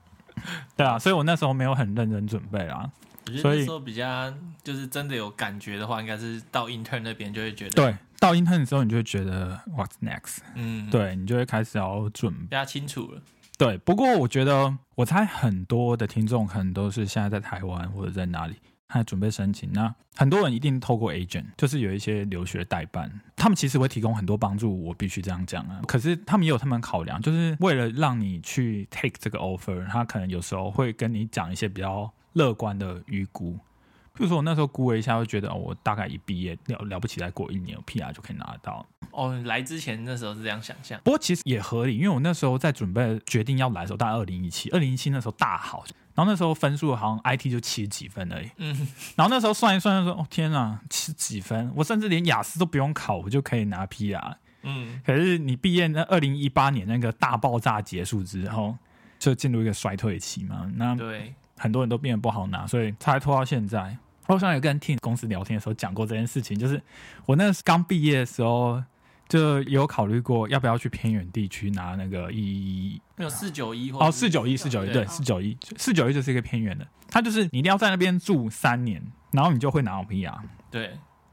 對啊，所以我那時候沒有很認真準備啦。我覺得所以那時候比較就是真的有感覺的話，應該是到 intern 那邊就會覺得，對，到 intern 的時候你就會覺得 what's next？ 嗯，對你就會開始要準備，比較清楚了。對，不過我覺得我猜很多的聽眾可能都是現在在台灣或者在哪裡。他準備申請，那很多人一定透過 agent，就是有一些留學代辦，他們其實會提供很多幫助，我必須這樣講啊。可是他們也有他們考量，就是為了讓你去 take 這個 offer，他可能有時候會跟你講一些比較樂觀的預估。就是我那時候估了一下，就覺得哦，我大概一畢業了了不起，再過一年，我 P R 就可以拿得到。哦，來之前那時候是這樣想象，不過其實也合理，因為我那時候在準備決定要來的時候，大概二零一七，二零一七那時候大好，然後那時候分數好像 I T 就七十幾分而已。嗯。然後那時候算一算就說，說哦天啊，七十幾分，我甚至連雅思都不用考，我就可以拿 P R。嗯。可是你畢業那二零一八年那個大爆炸結束之後，就進入一個衰退期嘛？那對。很多人都變得不好拿，所以才拖到現在。我好像有跟人聽公司聊天的時候講過這件事情，就是我那時剛畢業的時候就有考慮過要不要去偏遠地區拿那個一、哦，那個四九一哦四九一四九一對四九一四九一就是一個偏遠的，他就是你一定要在那邊住三年，然後你就會拿 O P R。對，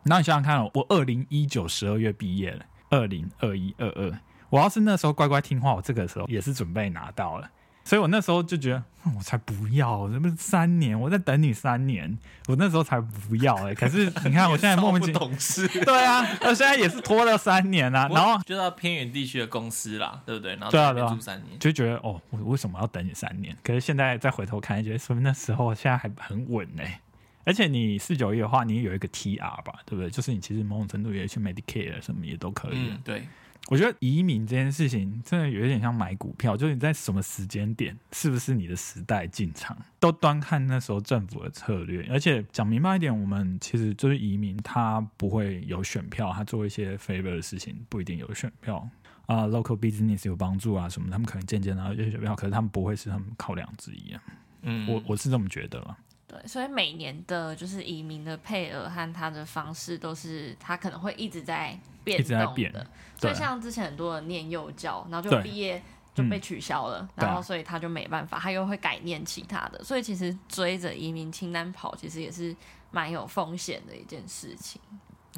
然後你想想看、哦，我二零一九十二月畢業了，二零二一二二，我要是那時候乖乖聽話，我這個時候也是準備拿到了。所以我那時候就覺得，嗯、我才不要，這不是三年，我在等你三年，我那時候才不要、欸、可是你看，我現在莫名其妙懂事，對啊，我現在也是拖了三年啦、啊，不然後就到偏遠地區的公司啦，對不對？然後對啊，對啊，住三年就覺得哦我，我為什麼要等你三年？可是現在再回頭看，覺得是是那時候現在還很穩哎、欸。而且你四九一的話，你有一個 TR 吧，對不對？就是你其實某種程度也去 Medicare 什麼也都可以、嗯、對。我覺得移民這件事情真的有一點像買股票，就是你在什麼時間點是不是你的時代進場，都端看那時候政府的策略。而且講明白一點，我們其實就是移民，他不會有選票，他做一些 favor 的事情不一定有選票啊。Uh, local business 有幫助啊什麼，他們可能漸漸拿到一些選票，可是他們不會是他們考量之一啊。嗯，嗯，我我是這麼覺得了。對，所以每年的就是移民的配額和他的方式都是，他可能會一直在變動的。一直在變。所以像之前很多人念幼教，然後就畢業就被取消了，對然後所以他就沒辦法，嗯、他又會改念其他的。對所以其實追着移民清單跑，其實也是蠻有風險的一件事情。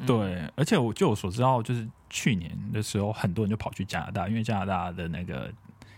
嗯、對，而且我就我所知道，就是去年的時候，很多人就跑去加拿大，因為加拿大的那個。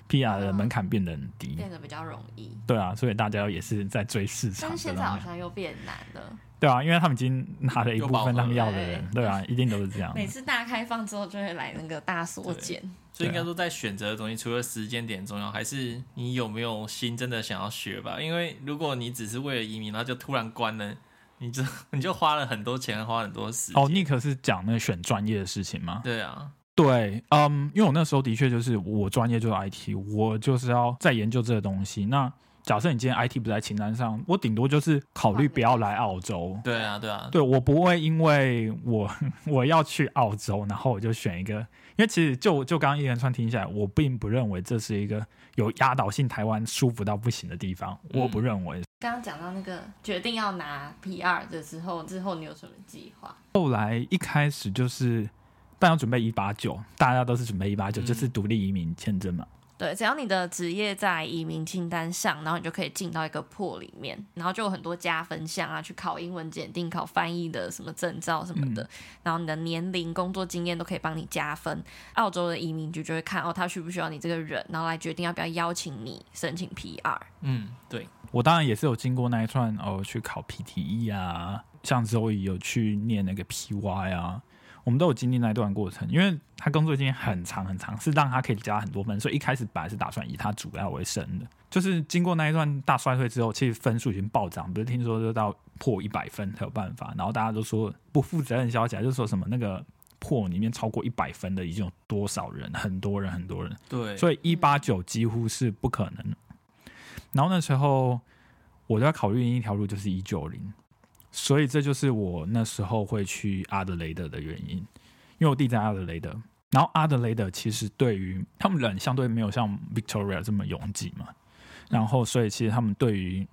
PR 的門檻變得很低，啊，變得比較容易。對啊，所以大家也是在追市場。但是現在好像又變難了。對啊，因為他們已經拿了一部分當要的人。對啊，一定都是這樣。每次大開放之後，就會來那個大縮減。所以應該說，在選擇的東西，除了時間點重要，還是你有沒有心真的想要學吧？因為如果你只是為了移民，然後就突然關了，你就你就花了很多錢，花了很多時間。哦，oh，Nick 是講那個選專業的事情嗎？對啊。對，嗯，因為我那時候的確就是我專業就是 IT，我就是要在研究這個東西。那假設你今天 IT 不在清單上，我頂多就是考慮不要來澳洲。對啊，對啊，對我不會因為我我要去澳洲，然後我就選一個，因為其實就就剛剛一連串聽起來，我並不認為這是一個有壓倒性台灣舒服到不行的地方，嗯、我不認為。剛剛講到那個決定要拿 PR 的時候，之後你有什麼計劃？後來一開始就是。但要準備一八九，大家都是準備一八九，就是獨立移民簽證嘛。對，只要你的職業在移民清單上，然後你就可以進到一個 pool 裡面，然後就有很多加分項啊，去考英文檢定、考翻譯的什麼證照什麼的，嗯、然後你的年齡、工作經驗都可以幫你加分。澳洲的移民局就會看哦，他需不需要你這個人，然後來決定要不要邀請你申請 PR。嗯，對，我當然也是有經過那一串哦，去考 PTE 啊，像周有去念那個 PY 啊。我們都有經歷那一段過程，因為他工作經驗很長很長，是讓他可以加很多分，所以一開始本來是打算以他主要為生的，就是經過那一段大衰退之後，其實分數已經暴漲，不是聽說就到破一百分才有辦法，然後大家都說不負責任消息，就說什麼那個破裡面超過一百分的已經有多少人，很多人，很多人。對，所以一八九幾乎是不可能。然後那時候我都要考慮另一條路，就是一九零。所以這就是我那時候會去阿德雷德的原因，因為我弟在阿德雷德。然後阿德雷德其實對於他們人相對沒有像 Victoria 這麼擁擠嘛，然後所以其實他們對於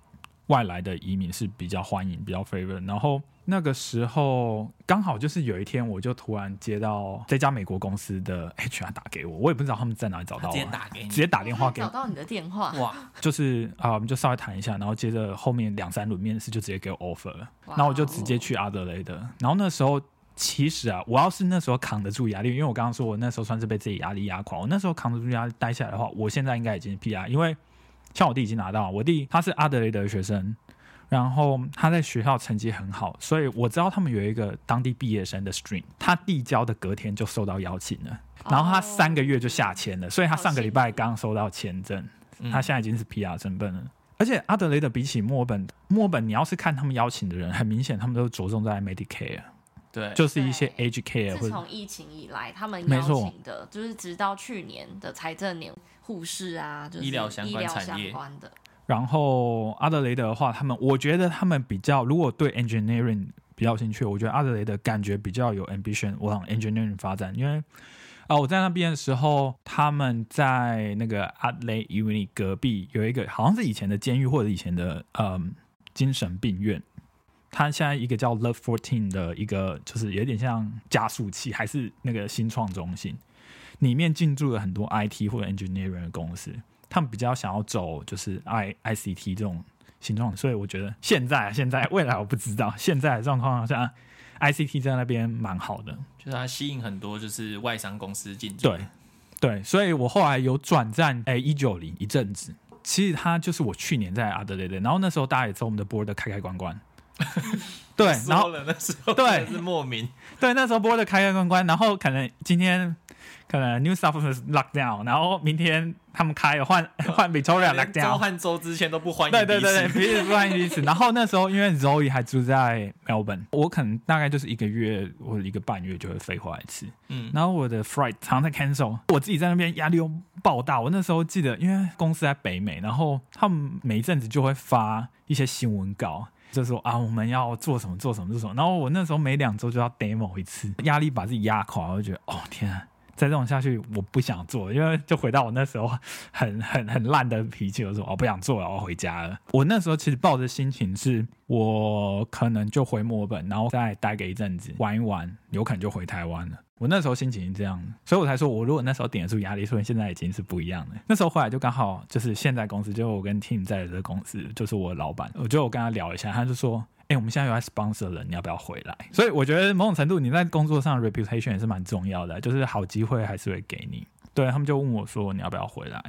外來的移民是比較歡迎、比較 favorite。然後。那個時候剛好就是有一天，我就突然接到這家美國公司的 HR 打給我，我也不知道他們在哪裡找到我，啊，直接打給你，直接打電話給我，給找到你的電話，哇，就是啊，我們就稍微談一下，然後接着後面兩三輪面試就直接給我 offer 了。哦，然後我就直接去阿德雷德，然後那時候其實啊，我要是那時候扛得住壓力，因為我剛剛說我那時候算是被自己壓力壓垮，我那時候扛得住壓力待下來的話，我現在應該已經 PR，因為像我弟已經拿到了，我弟他是阿德雷德的學生。然後他在學校成績很好，所以我知道他們有一個當地畢業生的 stream，他遞交的隔天就收到邀請了。然後他三個月就下簽了，所以他上個禮拜剛收到簽證，哦、他現在已經是 PR 身份了。嗯、而且阿德雷德比起墨爾本，墨爾本你要是看他們邀請的人，很明顯他們都着重在 Medicare，對，就是一些 aged care。自從疫情以來，他們邀請的，沒錯，就是直到去年的財政年，護士啊，就是、醫療相關產業相關的。然後阿德雷德的話，他們我覺得他們比較，如果對 engineering 比較有興趣，我覺得阿德雷的感覺比較有 ambition 往 engineering 發展。因為啊、呃，我在那邊的時候，他們在那個阿德雷 Uni 隔壁有一個，好像是以前的監獄或者以前的嗯精神病院。他現在一個叫 Love Fourteen 的一個，就是有點像加速器，還是那個新創中心，裡面進駐了很多 IT 或者 engineering 的公司。他們比較想要走就是 I I C T 這種形狀，所以我覺得現在、啊、現在未來我不知道現在的狀況，好像 I C T 在那邊蠻好的，就是它吸引很多就是外商公司進。對對，所以我後來有轉戰哎一九零一陣子，其實他就是我去年在阿德雷德，然後那時候大家也知道我們的 board 開開關關， [laughs] 對，然後了那時候對是莫名對，對那時候 board 開開關關，然後可能今天。可能 New South Wales lockdown，然後明天他們開了換、嗯、換 Victoria lockdown。州和州之前都不歡迎彼此,對對對，彼此不歡迎彼此。 [laughs] 然後那時候因為 Zoe 還住在 Melbourne，我可能大概就是一個月或一個半月就會飛回來一次。嗯，然後我的 flight 常常被 cancel，我自己在那邊壓力又爆大。我那時候記得，因為公司在北美，然後他們每一陣子就會發一些新聞稿，就說啊我們要做什麼做什麼做什麼。然後我那時候每兩周就要 demo 一次，壓力把自己壓垮，我就覺得哦天啊。再這種下去，我不想做，因為就回到我那時候很很很爛的脾氣，我說我不想做了，我要回家了。我那時候其實抱着心情是，我可能就回墨爾本，然後再待個一陣子玩一玩，有可能就回台灣了。我那時候心情是這樣的，所以我才說，我如果那時候頂得住壓力，所以現在已經是不一樣了。那時候回來就剛好就是現在公司，就我跟 Tim 在的公司，就是我老板。我就我跟他聊一下，他就說。哎、欸，我們現在有 sponsor 了，你要不要回來？所以我覺得某種程度你在工作上 reputation 也是蠻重要的，就是好機會還是會給你。對，他們就問我說，你要不要回來，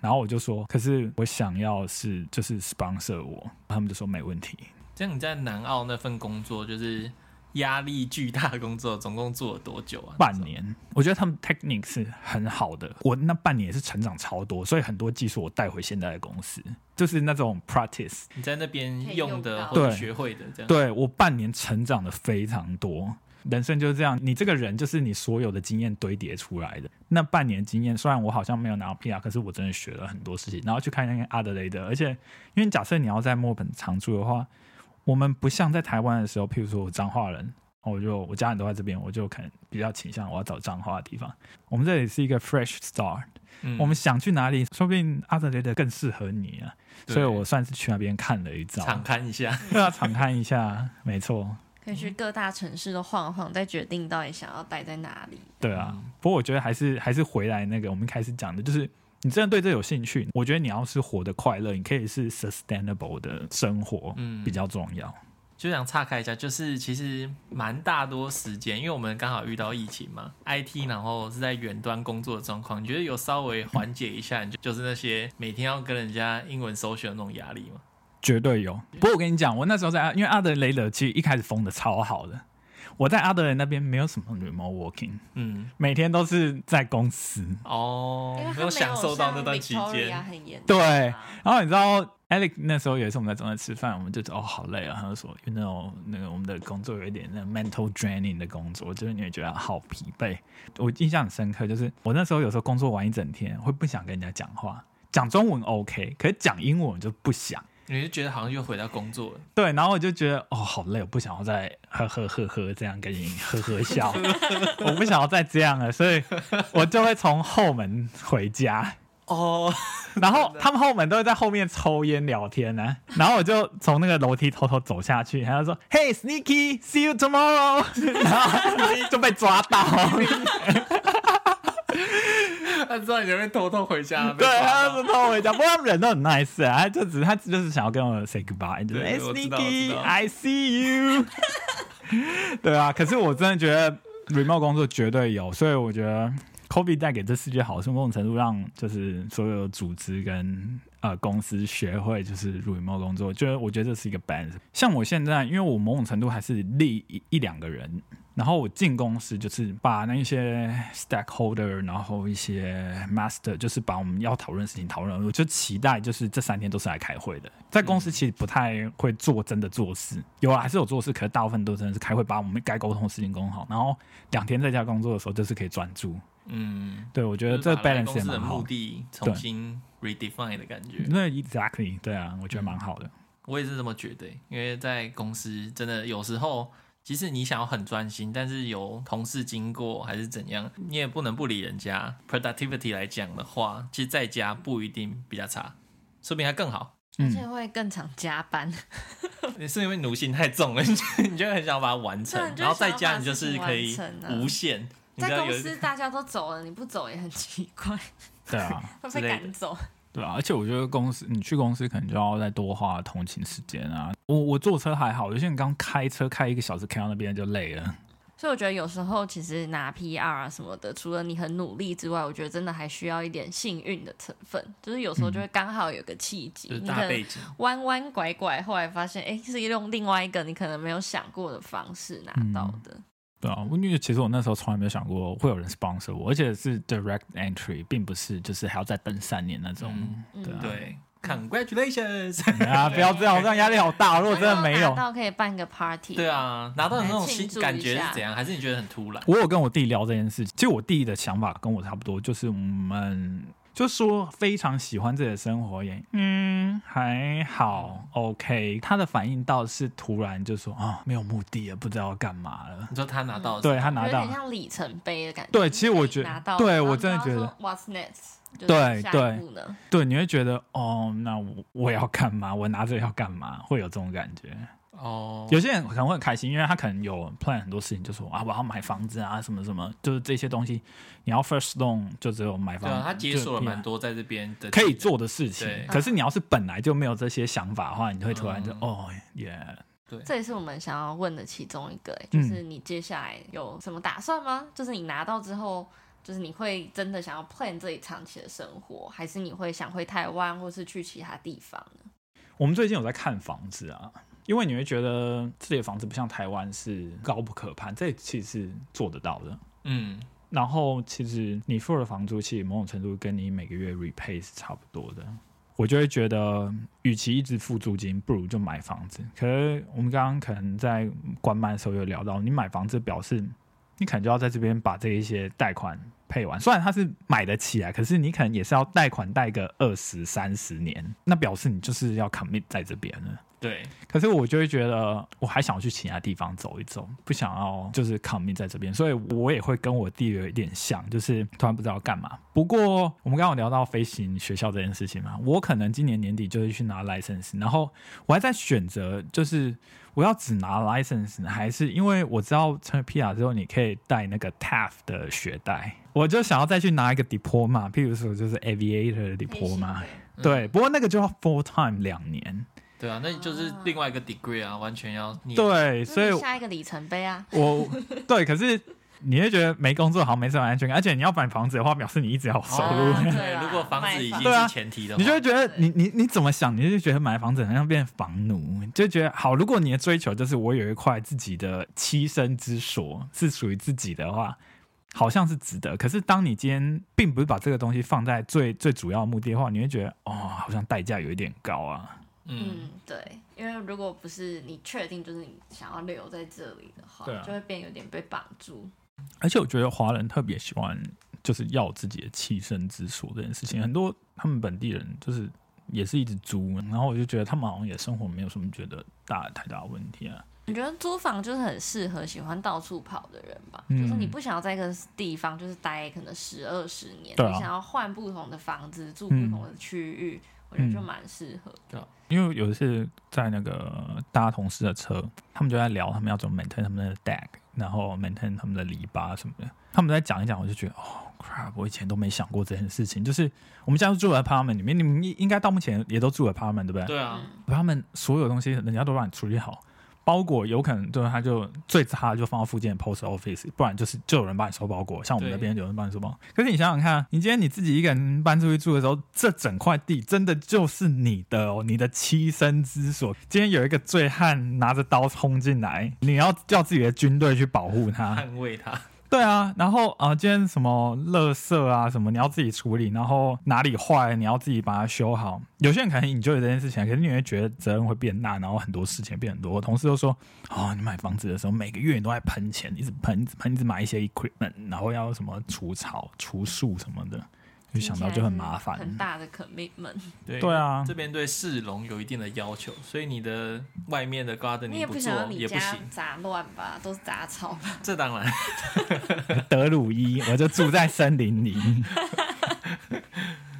然後我就說，可是我想要是就是 sponsor 我，他們就說沒問題。這樣，你在南澳那份工作就是。壓力巨大的工作，總共做了多久啊？半年。我覺得他們 technique 是很好的，我那半年也是成長超多，所以很多技術我帶回現在的公司，就是那種 practice。你在那邊用的，用或者學會的對這樣。對，我半年成長的非常多，人生就是這樣，你這個人就是你所有的經驗堆疊出來的。那半年經驗，雖然我好像沒有拿到 PR，可是我真的學了很多事情，然後去看那些阿德雷德，而且因為假設你要在墨本常住的話。我們不像在台灣的時候，譬如說我彰化人，我就我家人都在這邊，我就可能比較傾向我要找彰化的地方。我們這裡是一個 fresh start，、嗯、我們想去哪裡，說不定阿德雷德更適合你啊。對所以我算是去那邊看了一遭，嘗看一下，要嘗看、啊、一下， [laughs] 沒錯錯。可以去各大城市都晃晃，再決定到底想要待在哪裡。對啊，嗯、不過我覺得還是還是回來那個我們開始講的，就是。你真的對這有興趣，我覺得你要是活得快樂，你可以是 sustainable 的生活，嗯，比較重要。就想岔開一下，就是其實蠻大多時間，因為我們剛好遇到疫情嘛，IT 然後是在遠端工作的狀況，你覺得有稍微緩解一下，就、嗯、就是那些每天要跟人家英文 social 的那種壓力嗎？絕對有。不過我跟你講，我那時候在，因為阿德雷德其實一開始封得超好的。我在阿德萊德那邊沒有什麼 remote working，嗯，每天都是在公司哦，沒有享受到那段期間。啊、對，然後你知道 Alex 那時候有一次我們在中餐吃飯，我們就哦好累啊。他就說，you know 那個我們的工作有一點那個 mental draining 的工作，就是你會覺得好疲憊。我印象很深刻，就是我那時候有時候工作完一整天會不想跟人家講話，講中文 OK，可是講英文我就不想。你就覺得好像又回到工作了，對，然後我就覺得哦，好累，我不想要再呵呵呵呵這樣跟你呵呵笑， [laughs] 我不想要再這樣了，所以我就會從後門回家。哦，然後的他們後門都會在後面抽煙聊天呢、啊，然後我就從那個樓梯偷偷走下去，然後說 [laughs] ：“Hey, Sneaky, see you tomorrow。” [laughs] 然後就被抓到。 [laughs] [laughs] 他知道你準備偷偷回家，對，他就是偷回家， [laughs] 不過他們人都很 nice 啊、欸，他就只是他就是想要跟我 say goodbye，對，I see you， [laughs] [laughs] 對啊，可是我真的覺得 remote 工作絕對有，所以我覺得 COVID 帶給這世界好處某種程度讓就是所有的組織跟呃公司學會就是 remote 工作，就是我覺得這是一個 balance。像我現在，因為我某種程度還是立一一兩個人。然後我進公司就是把那些 stakeholder 然後一些 master，就是把我們要討論的事情討論，我就期待就是這三天都是來開會的。在公司其實不太會做真的做事，有啊，還是有做事，可是大部分都真的是開會，把我們該溝通的事情溝通好。然後兩天在家工作的時候，就是可以專注。嗯，對，我覺得這 balance 的目的重新 redefine 的感覺。那 exactly 對啊，我覺得蠻好的、嗯。我也是這麼覺得，因為在公司真的有時候。其實你想要很專心，但是有同事經過還是怎樣，你也不能不理人家。Productivity 來講的話，其實在家不一定比較差，說不定還更好，而且會更常加班。你、嗯、 [laughs] 是因為奴性太重了，你、嗯、 [laughs] 你就很想要把它完成，然後在家你就是可以無限。你在公司大家都走了，你不走也很奇怪。 [laughs] 對啊， [laughs] 會被趕走。對啊，而且我覺得公司你去公司可能就要再多花通勤時間啊。我我坐車還好，有些人剛開車開一個小時開到那邊就累了。所以我覺得有時候其實拿 PR 啊什麼的，除了你很努力之外，我覺得真的還需要一點幸運的成分。就是有時候就會剛好有個契機，那個、嗯就是、彎彎拐拐，後來發現哎，是用另外一個你可能沒有想過的方式拿到的。嗯哦。啊，因為其實我那時候從來沒有想過會有人 sponsor 我，而且是 direct entry，並不是就是還要再等三年那種。嗯嗯、對對，congratulations 啊，不要這樣，我這樣壓力好大。對如果真的沒有，拿到可以辦個 party。對啊，拿到的那種心感覺是怎樣？還是你覺得很突然？我有跟我弟聊這件事，其實我弟的想法跟我差不多，就是我們。就說非常喜歡自己的生活也，也嗯還好，OK。他的反應倒是突然就說啊、哦，沒有目的，不知道要幹嘛了。你說他拿到了，嗯、對他拿到了，很像里程碑的感覺。對，其實我覺得，拿到，對我真的覺得 What's next, 對對。下一步呢？對，你會覺得哦，那我我要幹嘛？我拿着要幹嘛？會有這種感覺。哦，oh, 有些人可能會很開心，因為他可能有 plan 很多事情，就是啊，我要買房子啊，什麼什麼，就是這些東西，你要 first loan 就只有買房子，他解鎖了蠻多在這邊可以做的事情。對可是你要是本來就沒有這些想法的話，你就會突然就哦耶。對、嗯，oh, yeah 這也是我們想要問的其中一個，就是你接下來有什麼打算嗎？嗯、就是你拿到之後，就是你會真的想要 plan 這裡長期的生活，還是你會想回台灣，或是去其他地方呢？我們最近有在看房子啊。因為你會覺得這裡的房子不像台灣是高不可攀，這其實是做得到的。嗯，然後其實你付的房租其實某種程度跟你每個月 repay 是差不多的。我就會覺得，與其一直付租金，不如就買房子。可是我們剛剛可能在關麥的時候有聊到，你買房子表示你可能就要在這邊把這一些貸款配完。雖然它是買得起來，可是你可能也是要貸款貸個二十三十年，那表示你就是要 commit 在這邊了。對，可是我就會覺得我還想要去其他地方走一走，不想要就是 commit 在這邊，所以我也會跟我弟弟有一點像，就是突然不知道幹嘛。不過我們剛剛有聊到飛行學校這件事情嘛，我可能今年年底就會去拿 license，然後我還在選擇，就是我要只拿 license，還是因為我知道成為 PR 之後，你可以帶那個 TAFE 的學貸，我就想要再去拿一個 diploma 嘛，譬如說就是 aviator 的 diploma 嘛、哎、呦對，嗯、不過那個就要 full time 兩年。.對啊，那你就是另外一個 degree 啊，oh. 完全要對，所以我下一個里程碑啊。 [laughs] 我對，可是你會覺得沒工作好像沒什麼安全感，而且你要買房子的話，表示你一直要收入。Oh, [laughs] 對，如果房子已經是前提的話、啊，你就會覺得你你你怎麼想？你就覺得買房子好像變房奴，就覺得好。如果你的追求就是我有一塊自己的棲身之所，是屬於自己的話，好像是值得。可是當你今天並不是把這個東西放在最最主要的目的的話，你會覺得哦，好像代價有一點高啊。嗯，嗯，對，因為如果不是你確定就是你想要留在這裡的話，啊、就會變有點被綁住。而且我覺得華人特別喜歡就是要自己的棲身之所這件事情，很多他們本地人就是也是一直租，然後我就覺得他們好像也生活沒有什麼覺得大太大問題啊。我覺得租房就是很適合喜歡到處跑的人吧。嗯、就是你不想要在一個地方就是待可能十二十年，啊、你想要換不同的房子，住不同的區域。嗯。嗯、就蠻適合的。因為有一次在那個搭同事的車，他們就在聊，他們要怎麼 maintain 他們的 deck，然後 maintain 他們的籬笆什麼的，他們在講一講，我就覺得哦，crap，我以前都沒想過這件事情，就是我們家住住的 apartment 裡面，你們應該到目前也都住的 apartment 對不對？對啊、嗯、apartment 所有東西人家都幫你處理好。包裹有可能，就是他就最差就放到附近的 post office，不然就是就有人幫你收包裹。像我們那邊有人幫你收包裹。對可是你想想看，你今天你自己一個人搬出去住的時候，這整塊地真的就是你的哦，你的棲身之所。今天有一個醉漢拿着刀衝進來，你要叫自己的軍隊去保護他，捍衛他。對啊，然後啊、呃，今天什麼垃圾啊，什麼你要自己處理，然後哪裡壞你要自己把它修好。有些人可能享受這件事情，可是你會覺得責任會變大，然後很多事情變很多。我同事都說，啊、哦，你買房子的時候每個月你都在噴錢，一直噴，一直噴，一直買一些 equipment，然後要什麼除草、除樹什麼的。想到就很麻煩，很大的 commitment。對，對啊，這邊對市容有一定的要求，所以你的外面的 gardening 也不做也不行，雜亂吧，都是雜草吧。這當然， [laughs] 德魯伊，我就住在森林裡。 [laughs] [laughs]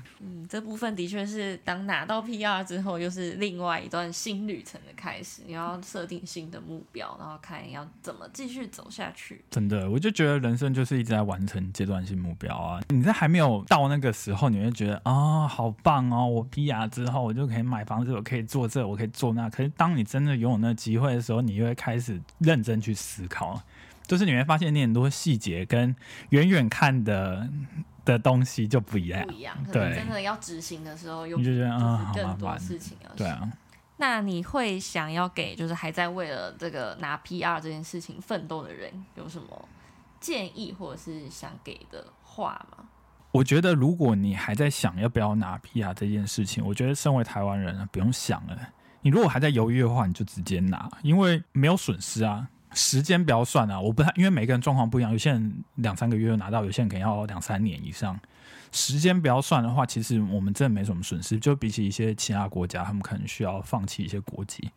這部分的確是，當拿到 PR 之後，又是另外一段新旅程的開始。你要設定新的目標，然後看要怎麼繼續走下去。真的，我就覺得人生就是一直在完成階段性目標啊！你在還沒有到那個時候，你會覺得啊、哦，好棒哦！我 PR 之後，我就可以買房子，我可以做這，我可以做那。可是，當你真的擁有那機會的時候，你又會開始認真去思考。就是你會發現，你很多細節跟遠遠看的的東西就不一樣，不一樣，對，真的要執行的時候，你就覺得很、嗯、多事情要對啊。那你會想要給就是還在為了這個拿 PR 這件事情奮鬥的人有什麼建議，或者是想給的話嗎？我覺得，如果你還在想要不要拿 PR 這件事情，我覺得身為台灣人不用想了。你如果還在猶豫的話，你就直接拿，因為沒有損失啊。時間不要算啊，我不太因為每個人狀況不一樣，有些人兩三個月就拿到，有些人可能要兩三年以上。時間不要算的話，其實我們真的沒什麼損失。就比起一些其他國家，他們可能需要放棄一些國籍，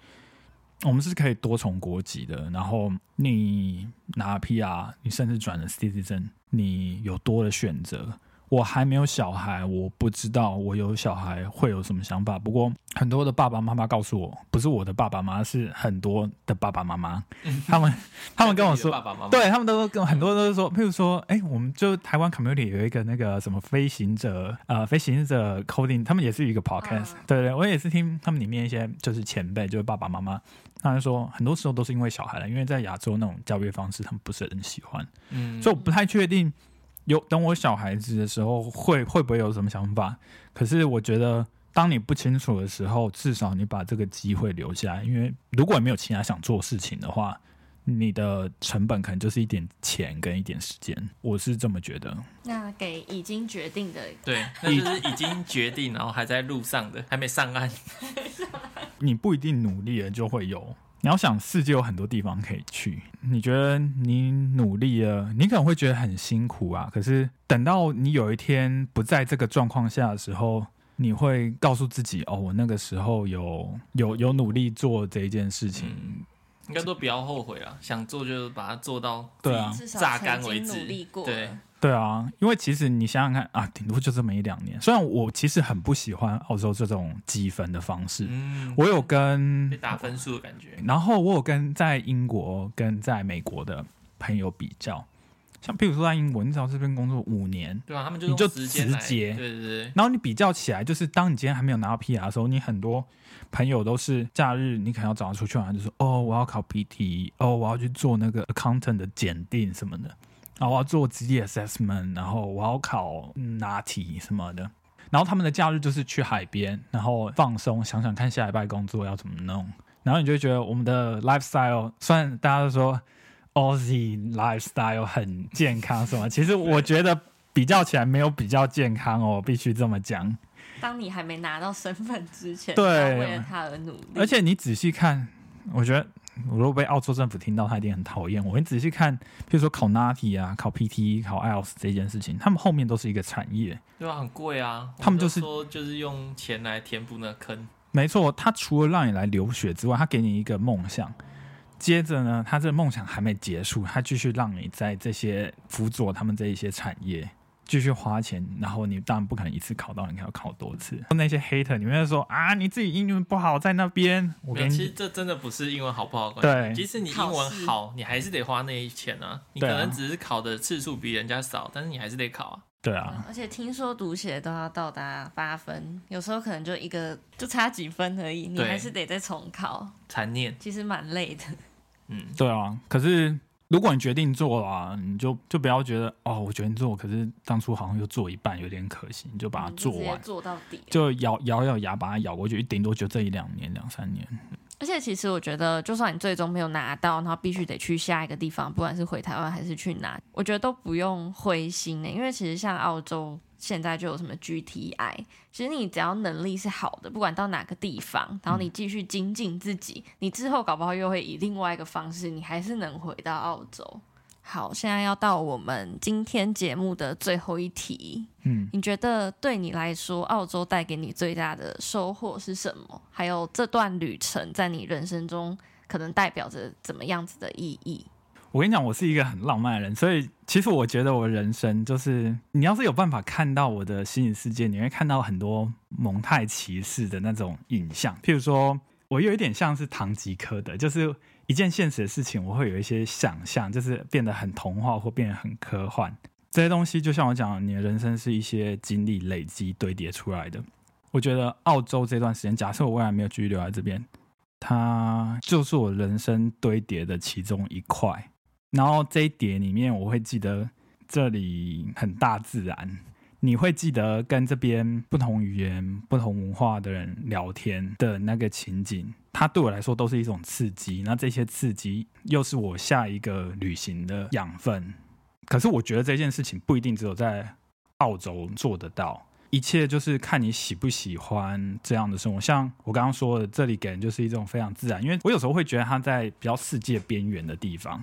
我們是可以多重國籍的。然後你拿了 PR 啊，你甚至轉了 Citizen，你有多的選擇。我還沒有小孩，我不知道我有小孩會有什麼想法。不過很多的爸爸媽媽告訴我，不是我的爸爸媽，是很多的爸爸媽媽。嗯、哼他們他們跟我說，爸爸媽媽，對他們都跟很多都說，譬如說，誒、欸、我們就台灣 community 有一個那個什麼飛行者啊、呃，飛行者 coding，他們也是一個 podcast、嗯。對，對對，我也是聽他們裡面一些就是前輩，就是爸爸媽媽，他們就說很多時候都是因為小孩了，因為在亞洲那種教育方式，他們不是很喜歡。嗯，所以我不太確定。有等我小孩子的時候會，會會不會有什麼想法？可是我覺得，當你不清楚的時候，至少你把這個機會留下來，因為如果你沒有其他想做事情的話，你的成本可能就是一點錢跟一點時間。我是這麼覺得。那給已經決定的，對，那就是已經決定，然後還在路上的，還沒上岸。 [laughs] 你不一定努力了就會有。你要想，世界有很多地方可以去。你覺得你努力了，你可能會覺得很辛苦啊。可是等到你有一天不在這個狀況下的時候，你會告訴自己：哦，我那個時候有有有努力做這一件事情。應該都不要後悔啊！想做就把它做到對啊，榨乾為止。對對啊，因為其實你想想看啊，頂多就這麼一兩年。雖然我其實很不喜歡澳洲這種積分的方式，嗯、我有跟打分數的感覺、哦。然後我有跟在英國跟在美國的朋友比較，像譬如說在英國，你到這邊工作五年，對啊，他們就，就直接對對對。然後你比較起來，就是當你今天還沒有拿到 PR 的時候，你很多。朋友都是假日，你可能要找他出去玩，就說：“哦，我要考 PT，哦，我要去做那個 accountant 的檢定什麼的，然後我要做職業 assessment，然後我要考 NAATI 什麼的。”然後他們的假日就是去海邊，然後放鬆，想想看下禮拜工作要怎麼弄。然後你就會覺得我們的 lifestyle 算大家都說 Aussie lifestyle 很健康，什麼？其實我覺得比較起來沒有比較健康哦，必須這麼講。當你還沒拿到身份之前，對為了他而努力。而且你仔細看，我覺得我如果被澳洲政府聽到，他一定很討厭我。你仔細看，比如說考 NATI 啊，考 PTE，考 IELTS 這件事情，他們後面都是一個產業，對吧？很貴啊，他們就是就說就是用錢來填補那個坑。沒錯，他除了讓你來留學之外，他給你一個夢想。接着呢，他這個夢想還沒結束，他繼續讓你在這些輔佐他們這一些產業。繼續花錢，然後你當然不可能一次考到，你還要考多次。那些 hater 你們說啊，你自己英文不好，在那邊，我跟你講，其實這真的不是英文好不好的關係。對，即使你英文好，你還是得花那些錢啊。啊你可能只是考的次數比人家少，但是你還是得考啊。對啊、嗯。而且聽說讀寫都要到達八分，有時候可能就一個就差幾分而已，你還是得再重考。殘念，其實蠻累的。嗯，對啊，可是。如果你決定做了啊，你就就不要覺得哦，我決定做，可是當初好像又做一半，有點可惜，你就把它做完，直接做到底，就咬咬咬牙把它咬過去，頂多就這一兩年、兩三年。而且其實我覺得，就算你最終沒有拿到，然後必須得去下一個地方，不管是回台灣還是去哪，我覺得都不用灰心欸，因為其實像澳洲。現在就有什麼 GTI，其實你只要能力是好的，不管到哪個地方，然後你繼續精進自己，嗯、你之後搞不好又會以另外一個方式，你還是能回到澳洲。好，現在要到我們今天節目的最後一題。嗯，你覺得對你來說，澳洲帶給你最大的收穫是什麼？還有這段旅程在你人生中可能代表着怎麼樣子的意義？我跟你講，我是一個很浪漫的人，所以其實我覺得我人生就是，你要是有辦法看到我的心理世界，你會看到很多蒙太奇式的那種影像。譬如說，我有一點像是唐吉訶德，就是一件現實的事情，我會有一些想象，就是變得很童話或變得很科幻。這些東西就像我講，你的人生是一些經歷累積堆疊出來的。我覺得澳洲這段時間，假設我未來沒有居留在這邊，它就是我人生堆疊的其中一塊。然後這一點裡面，我會記得這裡很大自然，你會記得跟這邊不同語言、不同文化的人聊天的那個情景，它對我來說都是一種刺激。那這些刺激又是我下一個旅行的養分。可是我覺得這件事情不一定只有在澳洲做得到，一切就是看你喜不喜歡這樣的生活。像我剛剛說的，這裡給人就是一種非常自然，因為我有時候會覺得它在比較世界邊緣的地方。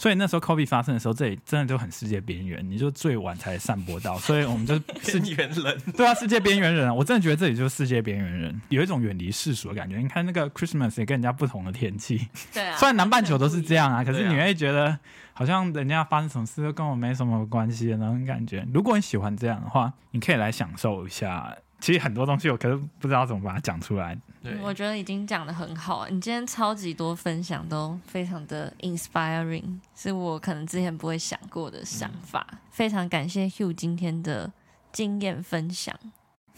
所以那時候 COVID 發生的時候，這裡真的就很世界邊緣，你就最晚才散播到，所以我們就是邊緣人。對啊，世界邊緣人，啊，我真的覺得這裡就是世界邊緣人，有一種遠離世俗的感覺。你看那個 Christmas 也跟人家不同的天氣，對啊，雖然南半球都是這樣啊，是意啊，可是你會覺得好像人家發生什麼事都跟我沒什麼關係的那種感覺。如果你喜歡這樣的話，你可以來享受一下。其實很多東西我可是不知道怎麼把它講出來。對我覺得已經講得很好，你今天超級多分享，都非常的 inspiring，是我可能之前不會想過的想法，嗯、非常感謝 Hugh 今天的經驗分享。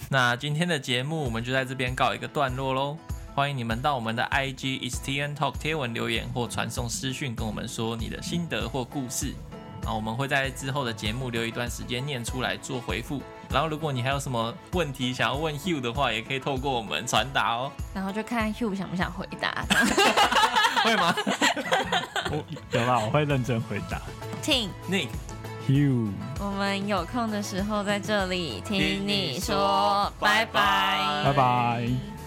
那今天的節目我們就在這邊告一個段落嘍，歡迎你們到我們的 IG itstntalk 貼文留言或傳送私訊跟我們說你的心得或故事，啊、嗯，那我們會在之後的節目留一段時間念出來做回覆。然後，如果你還有什麼問題想要問 Hugh 的話，也可以透過我們傳達哦。然後就看 Hugh 想不想回答他。 [laughs] 會嗎？ [laughs] [laughs] 我？有啦，我會認真回答。聽你 Hugh，我們有空的時候在這裡聽你說，你說拜拜，拜拜。